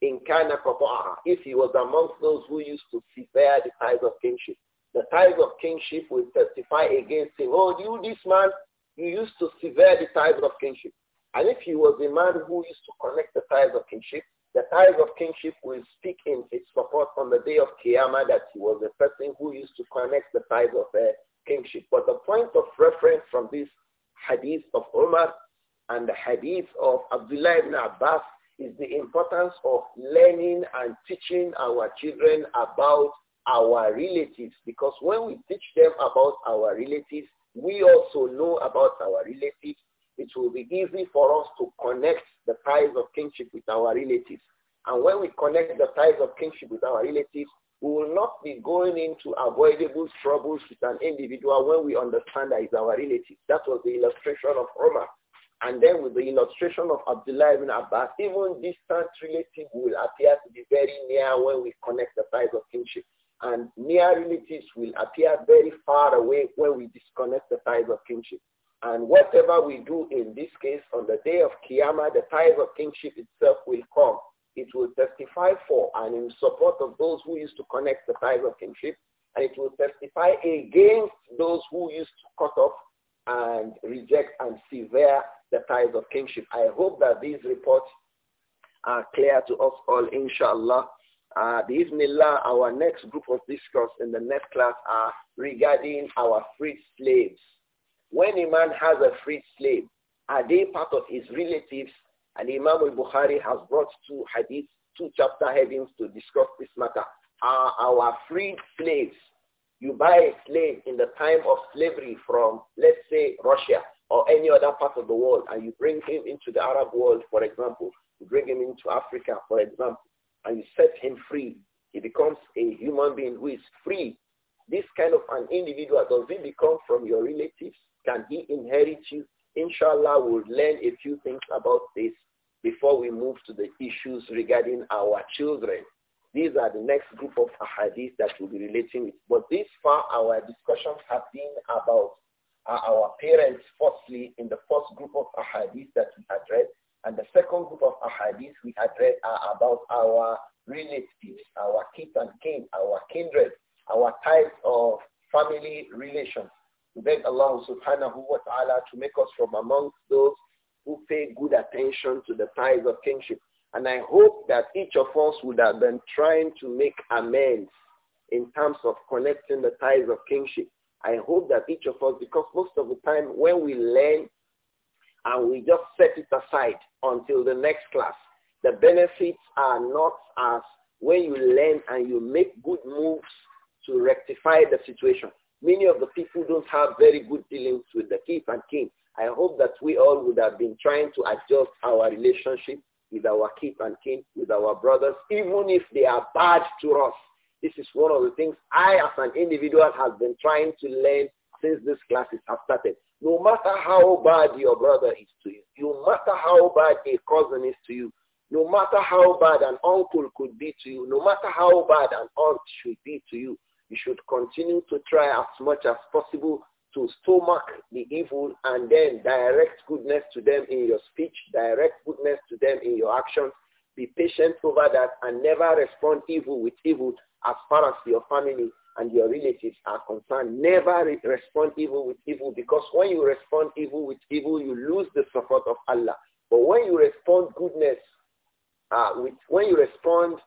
in kana qata'aha if he was amongst those who used to sever the ties of kinship. The ties of kinship will testify against him. Oh, you, this man, you used to sever the ties of kinship. And if he was a man who used to connect the ties of kinship, the ties of kinship will speak in its support on the day of Kiyama that he was a person who used to connect the ties of uh, kingship. But the point of reference from this hadith of Umar and the hadith of Abdullah ibn Abbas is the importance of learning and teaching our children about our relatives because when we teach them about our relatives, we also know about our relatives. It will be easy for us to connect the ties of kinship with our relatives. And when we connect the ties of kinship with our relatives, we will not be going into avoidable troubles with an individual when we understand that it's our relative. That was the illustration of Omar. And then with the illustration of Abdullah ibn Abbas, even distant relatives will appear to be very near when we connect the ties of kinship. And near relatives will appear very far away when we disconnect the ties of kinship. And whatever we do in this case on the day of Qiyamah, the ties of kinship itself will come it will testify for and in support of those who used to connect the ties of kinship, and it will testify against those who used to cut off and reject and sever the ties of kinship. I hope that these reports are clear to us all, inshallah. Uh, Bismillah, our next group of discuss in the next class are regarding our freed slaves. When a man has a freed slave, are they part of his relatives and Imam al-Bukhari has brought two hadiths, two chapter headings to discuss this matter. Are our freed slaves, you buy a slave in the time of slavery from, let's say, Russia or any other part of the world, and you bring him into the Arab world, for example, you bring him into Africa, for example, and you set him free. He becomes a human being who is free. This kind of an individual, does he become from your relatives? Can he inherit you? Inshallah, we'll learn a few things about this before we move to the issues regarding our children. These are the next group of ahadith that we'll be relating with. But this far, our discussions have been about uh, our parents, firstly, in the first group of ahadith that we addressed. And the second group of ahadith we address are about our relatives, our kids and kin, our kindred, our types of family relations. We beg Allah subhanahu wa ta'ala to make us from amongst those who pay good attention to the ties of kinship. And I hope that each of us would have been trying to make amends in terms of connecting the ties of kingship. I hope that each of us, because most of the time when we learn and we just set it aside until the next class, the benefits are not as when you learn and you make good moves to rectify the situation. Many of the people don't have very good dealings with the king and king. I hope that we all would have been trying to adjust our relationship with our king and king, with our brothers, even if they are bad to us. This is one of the things I, as an individual, have been trying to learn since these classes have started. No matter how bad your brother is to you, no matter how bad a cousin is to you, no matter how bad an uncle could be to you, no matter how bad an aunt should be to you, you should continue to try as much as possible to stomach the evil and then direct goodness to them in your speech, direct goodness to them in your actions. Be patient over that and never respond evil with evil as far as your family and your relatives are concerned. Never re respond evil with evil because when you respond evil with evil, you lose the support of Allah. But when you respond goodness, uh, with, when you respond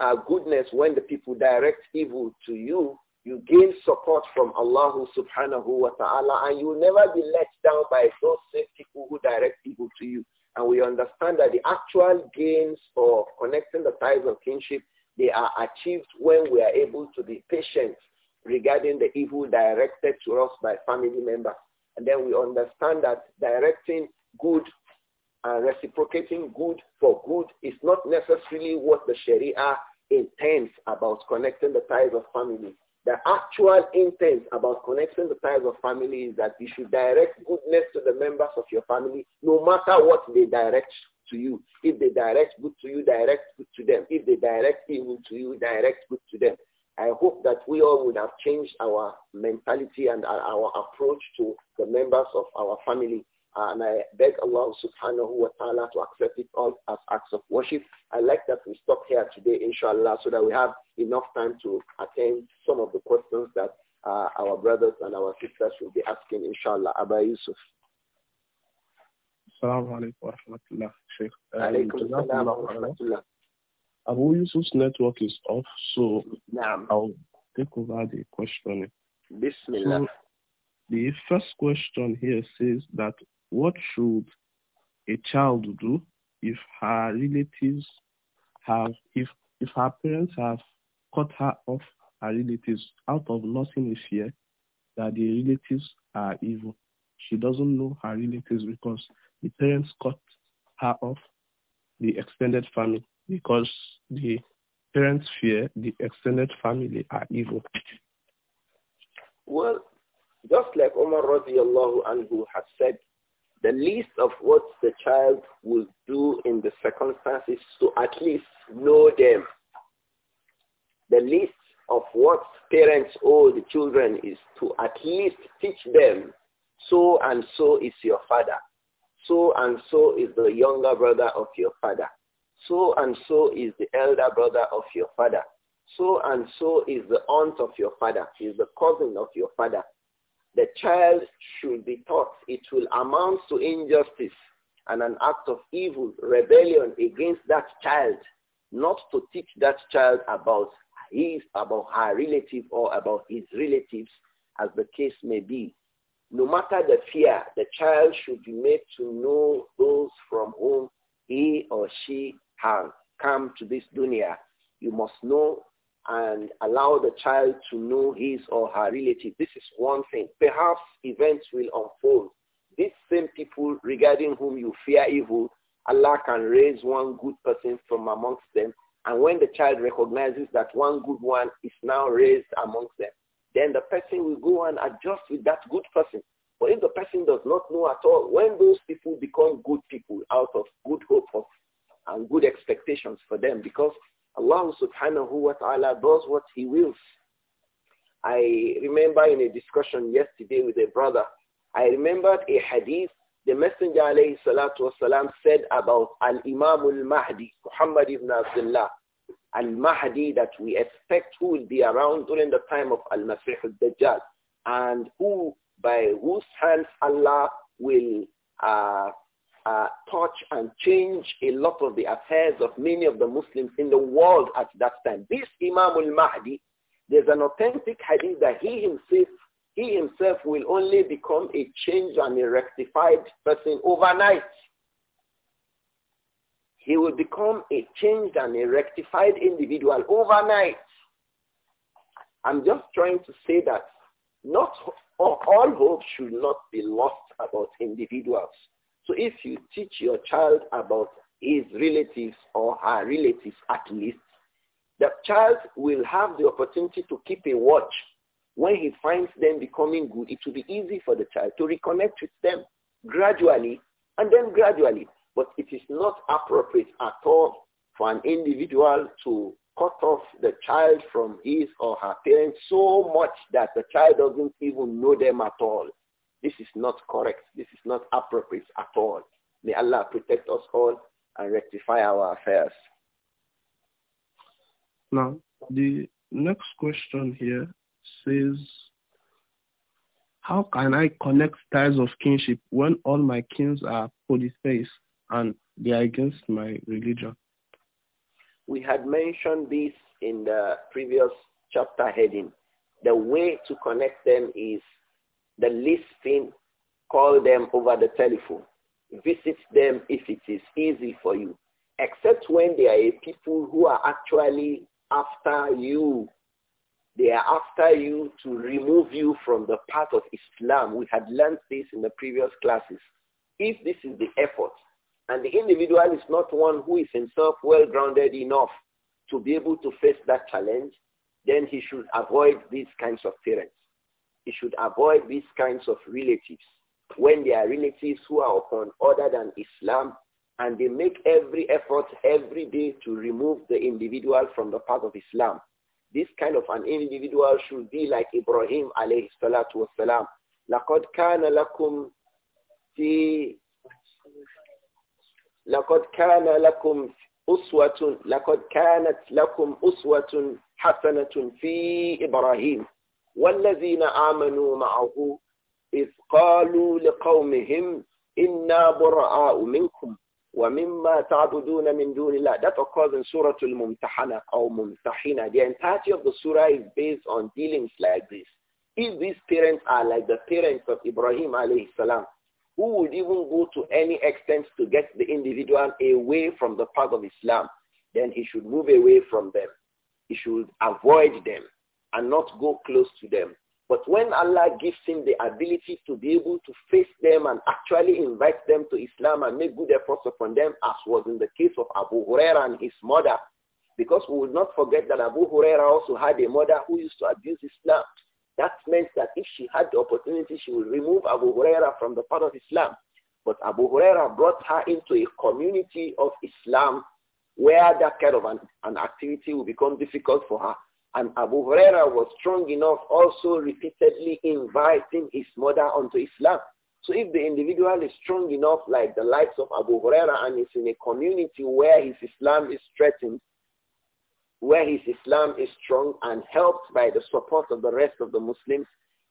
uh, goodness when the people direct evil to you, you gain support from Allah subhanahu wa ta'ala and you will never be let down by those same people who direct evil to you. And we understand that the actual gains of connecting the ties of kinship, they are achieved when we are able to be patient regarding the evil directed to us by family members. And then we understand that directing good and uh, reciprocating good for good is not necessarily what the Sharia intends about connecting the ties of family. The actual intent about connecting the ties of family is that you should direct goodness to the members of your family no matter what they direct to you. If they direct good to you, direct good to them. If they direct evil to you, direct good to them. I hope that we all would have changed our mentality and our approach to the members of our family and I beg Allah subhanahu wa ta'ala to accept it all as acts of worship. I like that we stop here today, inshallah, so that we have enough time to attend some of the questions that uh, our brothers and our sisters will be asking, inshallah. Abba Yusuf. Assalamu alaikum wa uh, Abu Yusuf's network is off, so I'll take over the questioning. Bismillah. So the first question here says that what should a child do if her relatives have, if, if her parents have cut her off her relatives out of nothing a fear that the relatives are evil. She doesn't know her relatives because the parents cut her off the extended family because the parents fear the extended family are evil. Well, just like Omar radiallahu anhu has said, the least of what the child will do in the circumstances to at least know them. The least of what parents owe the children is to at least teach them, so and so is your father. So and so is the younger brother of your father. So and so is the elder brother of your father. So and so is the aunt of your father, is the cousin of your father the child should be taught it will amount to injustice and an act of evil, rebellion against that child, not to teach that child about his, about her relative or about his relatives, as the case may be. No matter the fear, the child should be made to know those from whom he or she has come to this dunya. You must know and allow the child to know his or her relative. This is one thing. Perhaps events will unfold. These same people regarding whom you fear evil, Allah can raise one good person from amongst them. And when the child recognizes that one good one is now raised amongst them, then the person will go and adjust with that good person. But if the person does not know at all, when those people become good people out of good hope of, and good expectations for them, because Allah subhanahu wa ta'ala does what he wills. I remember in a discussion yesterday with a brother, I remembered a hadith the Messenger alayhi salatu wasalam said about Al-Imam al-Mahdi, Muhammad ibn Abdullah, Al-Mahdi that we expect who will be around during the time of Al-Masih al-Dajjal and who by whose hands Allah will uh, uh, touch and change a lot of the affairs of many of the Muslims in the world at that time. This Imam al-Mahdi, there's an authentic hadith that he himself, he himself will only become a changed and a rectified person overnight. He will become a changed and a rectified individual overnight. I'm just trying to say that not all hope should not be lost about individuals. So if you teach your child about his relatives or her relatives at least, the child will have the opportunity to keep a watch. When he finds them becoming good, it will be easy for the child to reconnect with them gradually and then gradually. But it is not appropriate at all for an individual to cut off the child from his or her parents so much that the child doesn't even know them at all. This is not correct. This is not appropriate at all. May Allah protect us all and rectify our affairs. Now, the next question here says, how can I connect ties of kinship when all my kings are polytheists and they are against my religion? We had mentioned this in the previous chapter heading. The way to connect them is the least thing, call them over the telephone. Visit them if it is easy for you. Except when they are people who are actually after you. They are after you to remove you from the path of Islam. We had learned this in the previous classes. If this is the effort, and the individual is not one who is himself well-grounded enough to be able to face that challenge, then he should avoid these kinds of parents. He should avoid these kinds of relatives when they are relatives who are upon other than Islam and they make every effort every day to remove the individual from the path of Islam. This kind of an individual should be like Ibrahim alayhi salatu wasalam. لَقَدْ كَانَ لَكُمْ فِي لَقَدْ كَانَ لَكُمْ أُسْوَةٌ لَقَدْ كَانَتْ لَكُمْ أُسْوَةٌ حَسَنَةٌ فِي إِبْرَاهِيمَ وَالَّذِينَ آمَنُوا مَعَهُ إِذْ قَالُوا لِقَوْمِهِمْ إِنَّا بُرَآءُ مِنْكُمْ وَمِمَّا تَعْبُدُونَ مِنْ دُونِ اللَّهِ That occurs in Surah Al-Mumtahana or Mumtahina. The entirety of the surah is based on dealings like this. If these parents are like the parents of Ibrahim alayhi salam, who would even go to any extent to get the individual away from the path of Islam, then he should move away from them. He should avoid them and not go close to them. But when Allah gives him the ability to be able to face them and actually invite them to Islam and make good efforts upon them, as was in the case of Abu Huraira and his mother, because we will not forget that Abu Huraira also had a mother who used to abuse Islam. That meant that if she had the opportunity, she would remove Abu Huraira from the path of Islam. But Abu Huraira brought her into a community of Islam where that kind of an, an activity will become difficult for her. And Abu Huraira was strong enough also repeatedly inviting his mother onto Islam. So if the individual is strong enough, like the likes of Abu Huraira, and is in a community where his Islam is threatened, where his Islam is strong and helped by the support of the rest of the Muslims,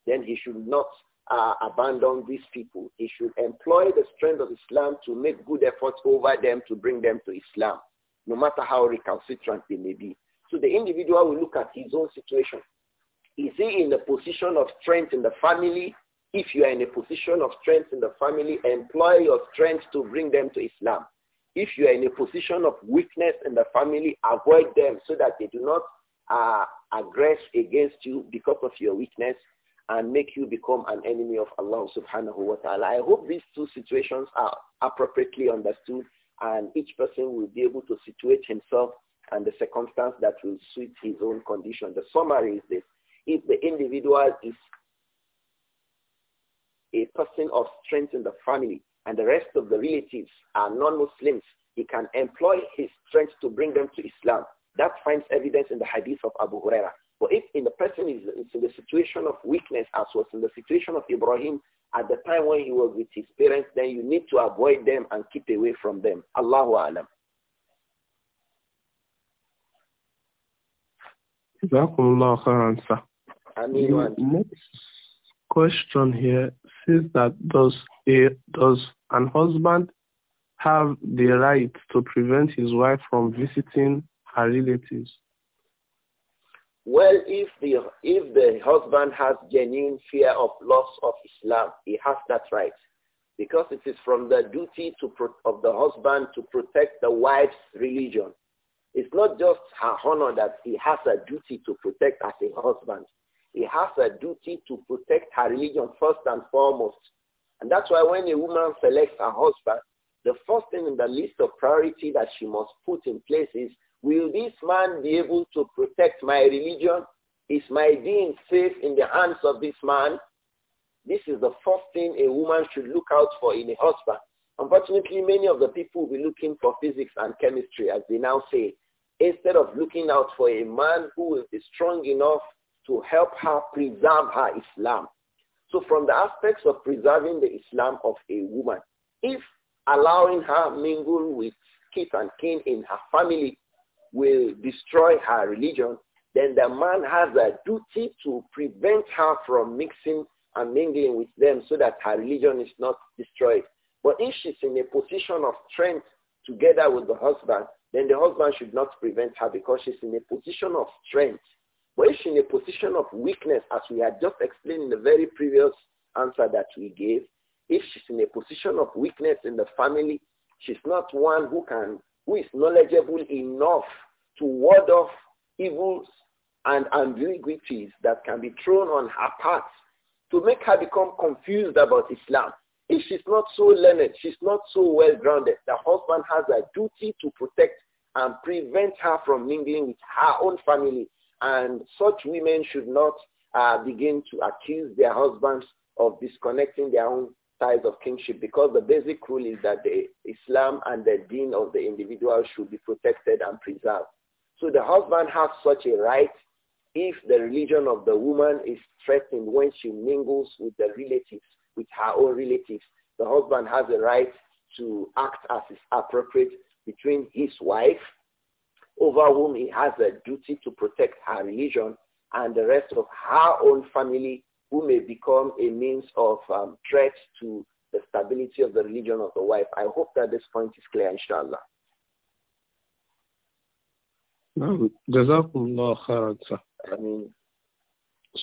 then he should not uh, abandon these people. He should employ the strength of Islam to make good efforts over them to bring them to Islam, no matter how recalcitrant they may be. So the individual will look at his own situation. Is he in the position of strength in the family? If you are in a position of strength in the family, employ your strength to bring them to Islam. If you are in a position of weakness in the family, avoid them so that they do not uh, aggress against you because of your weakness and make you become an enemy of Allah subhanahu wa ta'ala. I hope these two situations are appropriately understood and each person will be able to situate himself and the circumstance that will suit his own condition. The summary is this. If the individual is a person of strength in the family and the rest of the relatives are non-Muslims, he can employ his strength to bring them to Islam. That finds evidence in the hadith of Abu Huraira. But if in the person is, is in the situation of weakness, as was in the situation of Ibrahim at the time when he was with his parents, then you need to avoid them and keep away from them. Allahu Alam. Jazakumullah I mean, next question here says that does a does an husband have the right to prevent his wife from visiting her relatives? Well, if the if the husband has genuine fear of loss of Islam, he has that right because it is from the duty to pro, of the husband to protect the wife's religion. It's not just her honor that he has a duty to protect as a husband. He has a duty to protect her religion first and foremost. And that's why when a woman selects her husband, the first thing in the list of priority that she must put in place is, will this man be able to protect my religion? Is my being safe in the hands of this man? This is the first thing a woman should look out for in a husband. Unfortunately, many of the people will be looking for physics and chemistry, as they now say instead of looking out for a man who is strong enough to help her preserve her Islam. So from the aspects of preserving the Islam of a woman, if allowing her mingle with kith and kin in her family will destroy her religion, then the man has a duty to prevent her from mixing and mingling with them so that her religion is not destroyed. But if she's in a position of strength together with the husband, then the husband should not prevent her because she's in a position of strength. But if she's in a position of weakness, as we had just explained in the very previous answer that we gave, if she's in a position of weakness in the family, she's not one who can, who is knowledgeable enough to ward off evils and ambiguities that can be thrown on her path to make her become confused about Islam. If she's not so learned, she's not so well grounded, the husband has a duty to protect and prevent her from mingling with her own family. And such women should not uh, begin to accuse their husbands of disconnecting their own ties of kinship because the basic rule is that the Islam and the deen of the individual should be protected and preserved. So the husband has such a right if the religion of the woman is threatened when she mingles with the relatives, with her own relatives. The husband has a right to act as is appropriate between his wife, over whom he has a duty to protect her religion, and the rest of her own family, who may become a means of um, threat to the stability of the religion of the wife. I hope that this point is clear, inshallah. Jazakumullah khairan, sir. I mean,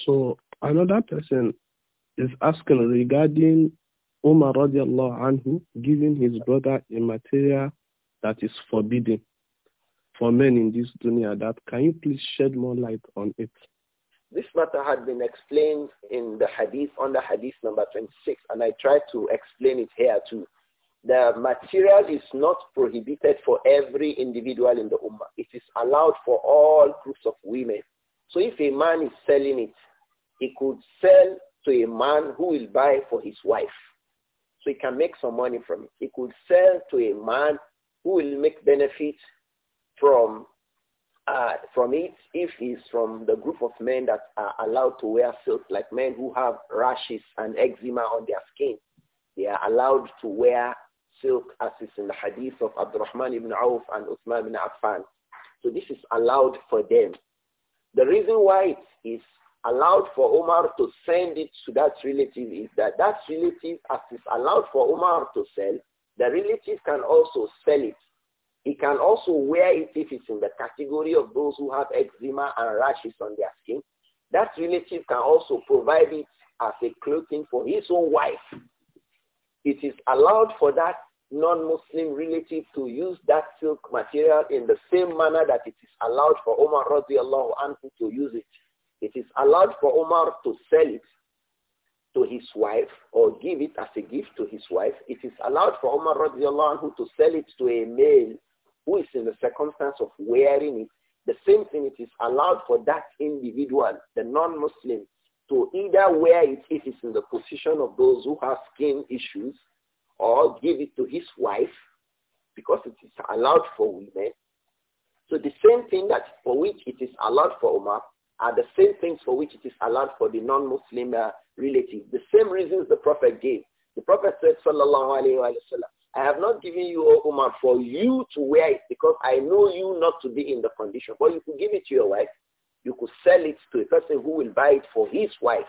so another person is asking regarding Umar radiallahu anhu giving his brother a material that is forbidden for men in this dunya that can you please shed more light on it? This matter had been explained in the hadith under hadith number 26 and I tried to explain it here too. The material is not prohibited for every individual in the ummah. It is allowed for all groups of women. So if a man is selling it, he could sell to a man who will buy for his wife. So he can make some money from it. He could sell to a man who will make benefit from uh, from it if he's from the group of men that are allowed to wear silk, like men who have rashes and eczema on their skin. They are allowed to wear silk as is in the hadith of Abdurrahman ibn Auf and Uthman ibn Affan. So this is allowed for them. The reason why it is allowed for Omar to send it to that relative is that that relative, as is allowed for Omar to sell, the relative can also sell it. He can also wear it if it's in the category of those who have eczema and rashes on their skin. That relative can also provide it as a clothing for his own wife. It is allowed for that non-Muslim relative to use that silk material in the same manner that it is allowed for Omar radiallahu anhu to use it. It is allowed for Omar to sell it to his wife or give it as a gift to his wife, it is allowed for Umar anhu to sell it to a male who is in the circumstance of wearing it. The same thing, it is allowed for that individual, the non-Muslim, to either wear it if it's in the position of those who have skin issues or give it to his wife because it is allowed for women. So the same thing that for which it is allowed for Umar are the same things for which it is allowed for the non-Muslim uh, relative. The same reasons the Prophet gave. The Prophet said, Sallallahu Alaihi Wasallam, I have not given you, O Umar, for you to wear it because I know you not to be in the condition. But you could give it to your wife. You could sell it to a person who will buy it for his wife.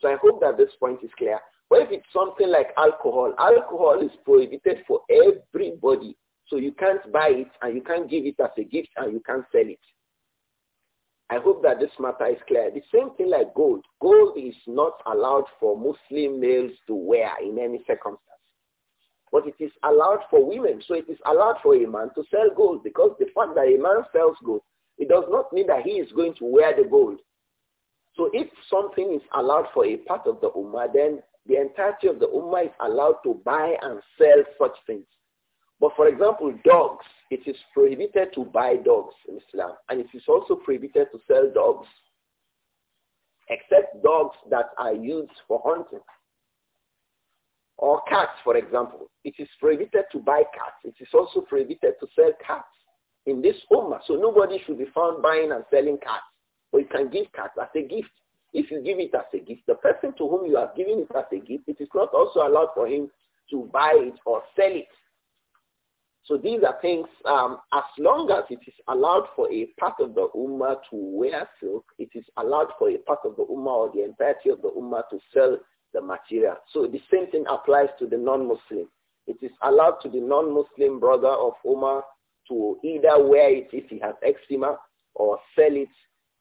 So I hope that this point is clear. But if it's something like alcohol, alcohol is prohibited for everybody. So you can't buy it and you can't give it as a gift and you can't sell it. I hope that this matter is clear. The same thing like gold. Gold is not allowed for Muslim males to wear in any circumstance. But it is allowed for women. So it is allowed for a man to sell gold because the fact that a man sells gold, it does not mean that he is going to wear the gold. So if something is allowed for a part of the Ummah, then the entirety of the Ummah is allowed to buy and sell such things. But for example, dogs, it is prohibited to buy dogs in Islam, and it is also prohibited to sell dogs, except dogs that are used for hunting. Or cats, for example. It is prohibited to buy cats. It is also prohibited to sell cats in this ummah. So nobody should be found buying and selling cats. But you can give cats as a gift. If you give it as a gift, the person to whom you are giving it as a gift, it is not also allowed for him to buy it or sell it. So these are things, um, as long as it is allowed for a part of the Ummah to wear silk, it is allowed for a part of the Ummah or the entirety of the Ummah to sell the material. So the same thing applies to the non-Muslim. It is allowed to the non-Muslim brother of Ummah to either wear it if he has eczema or sell it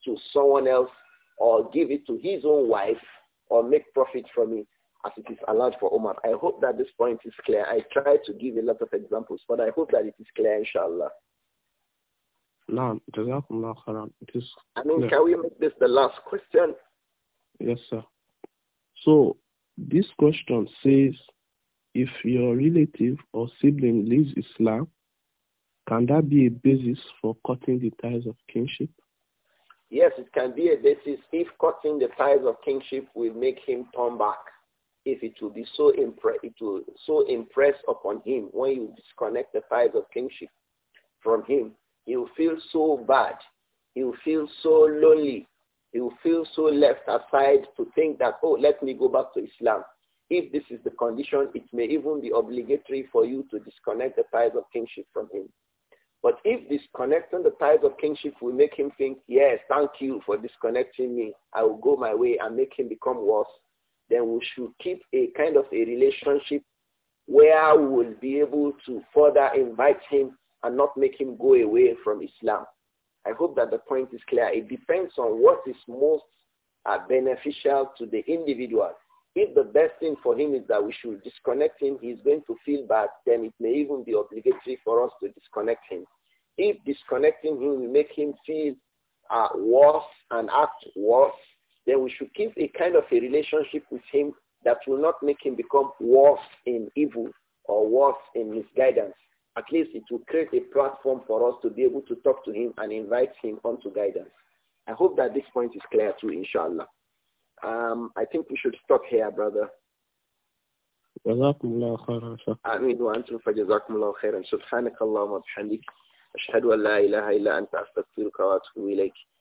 to someone else or give it to his own wife or make profit from it as it is allowed for Omar. I hope that this point is clear. I tried to give a lot of examples, but I hope that it is clear, inshallah. It is I mean, clear. can we make this the last question? Yes, sir. So this question says, if your relative or sibling leaves Islam, can that be a basis for cutting the ties of kinship? Yes, it can be a basis if cutting the ties of kinship will make him turn back if it will be so impre- it will so impress upon him when you disconnect the ties of kingship from him, he will feel so bad. He will feel so lonely. He will feel so left aside to think that, oh, let me go back to Islam. If this is the condition, it may even be obligatory for you to disconnect the ties of kingship from him. But if disconnecting the ties of kingship will make him think, yes, thank you for disconnecting me. I will go my way and make him become worse then we should keep a kind of a relationship where we will be able to further invite him and not make him go away from Islam. I hope that the point is clear. It depends on what is most uh, beneficial to the individual. If the best thing for him is that we should disconnect him, he's going to feel bad, then it may even be obligatory for us to disconnect him. If disconnecting him will make him feel uh, worse and act worse, then we should keep a kind of a relationship with him that will not make him become worse in evil or worse in misguidance. At least it will create a platform for us to be able to talk to him and invite him onto guidance. I hope that this point is clear too, inshallah. Um, I think we should stop here, brother. آمين وأنتم فجزاكم الله خيرا سبحانك اللهم وبحمدك أشهد أن لا إله إلا أنت أستغفرك وأتوب إليك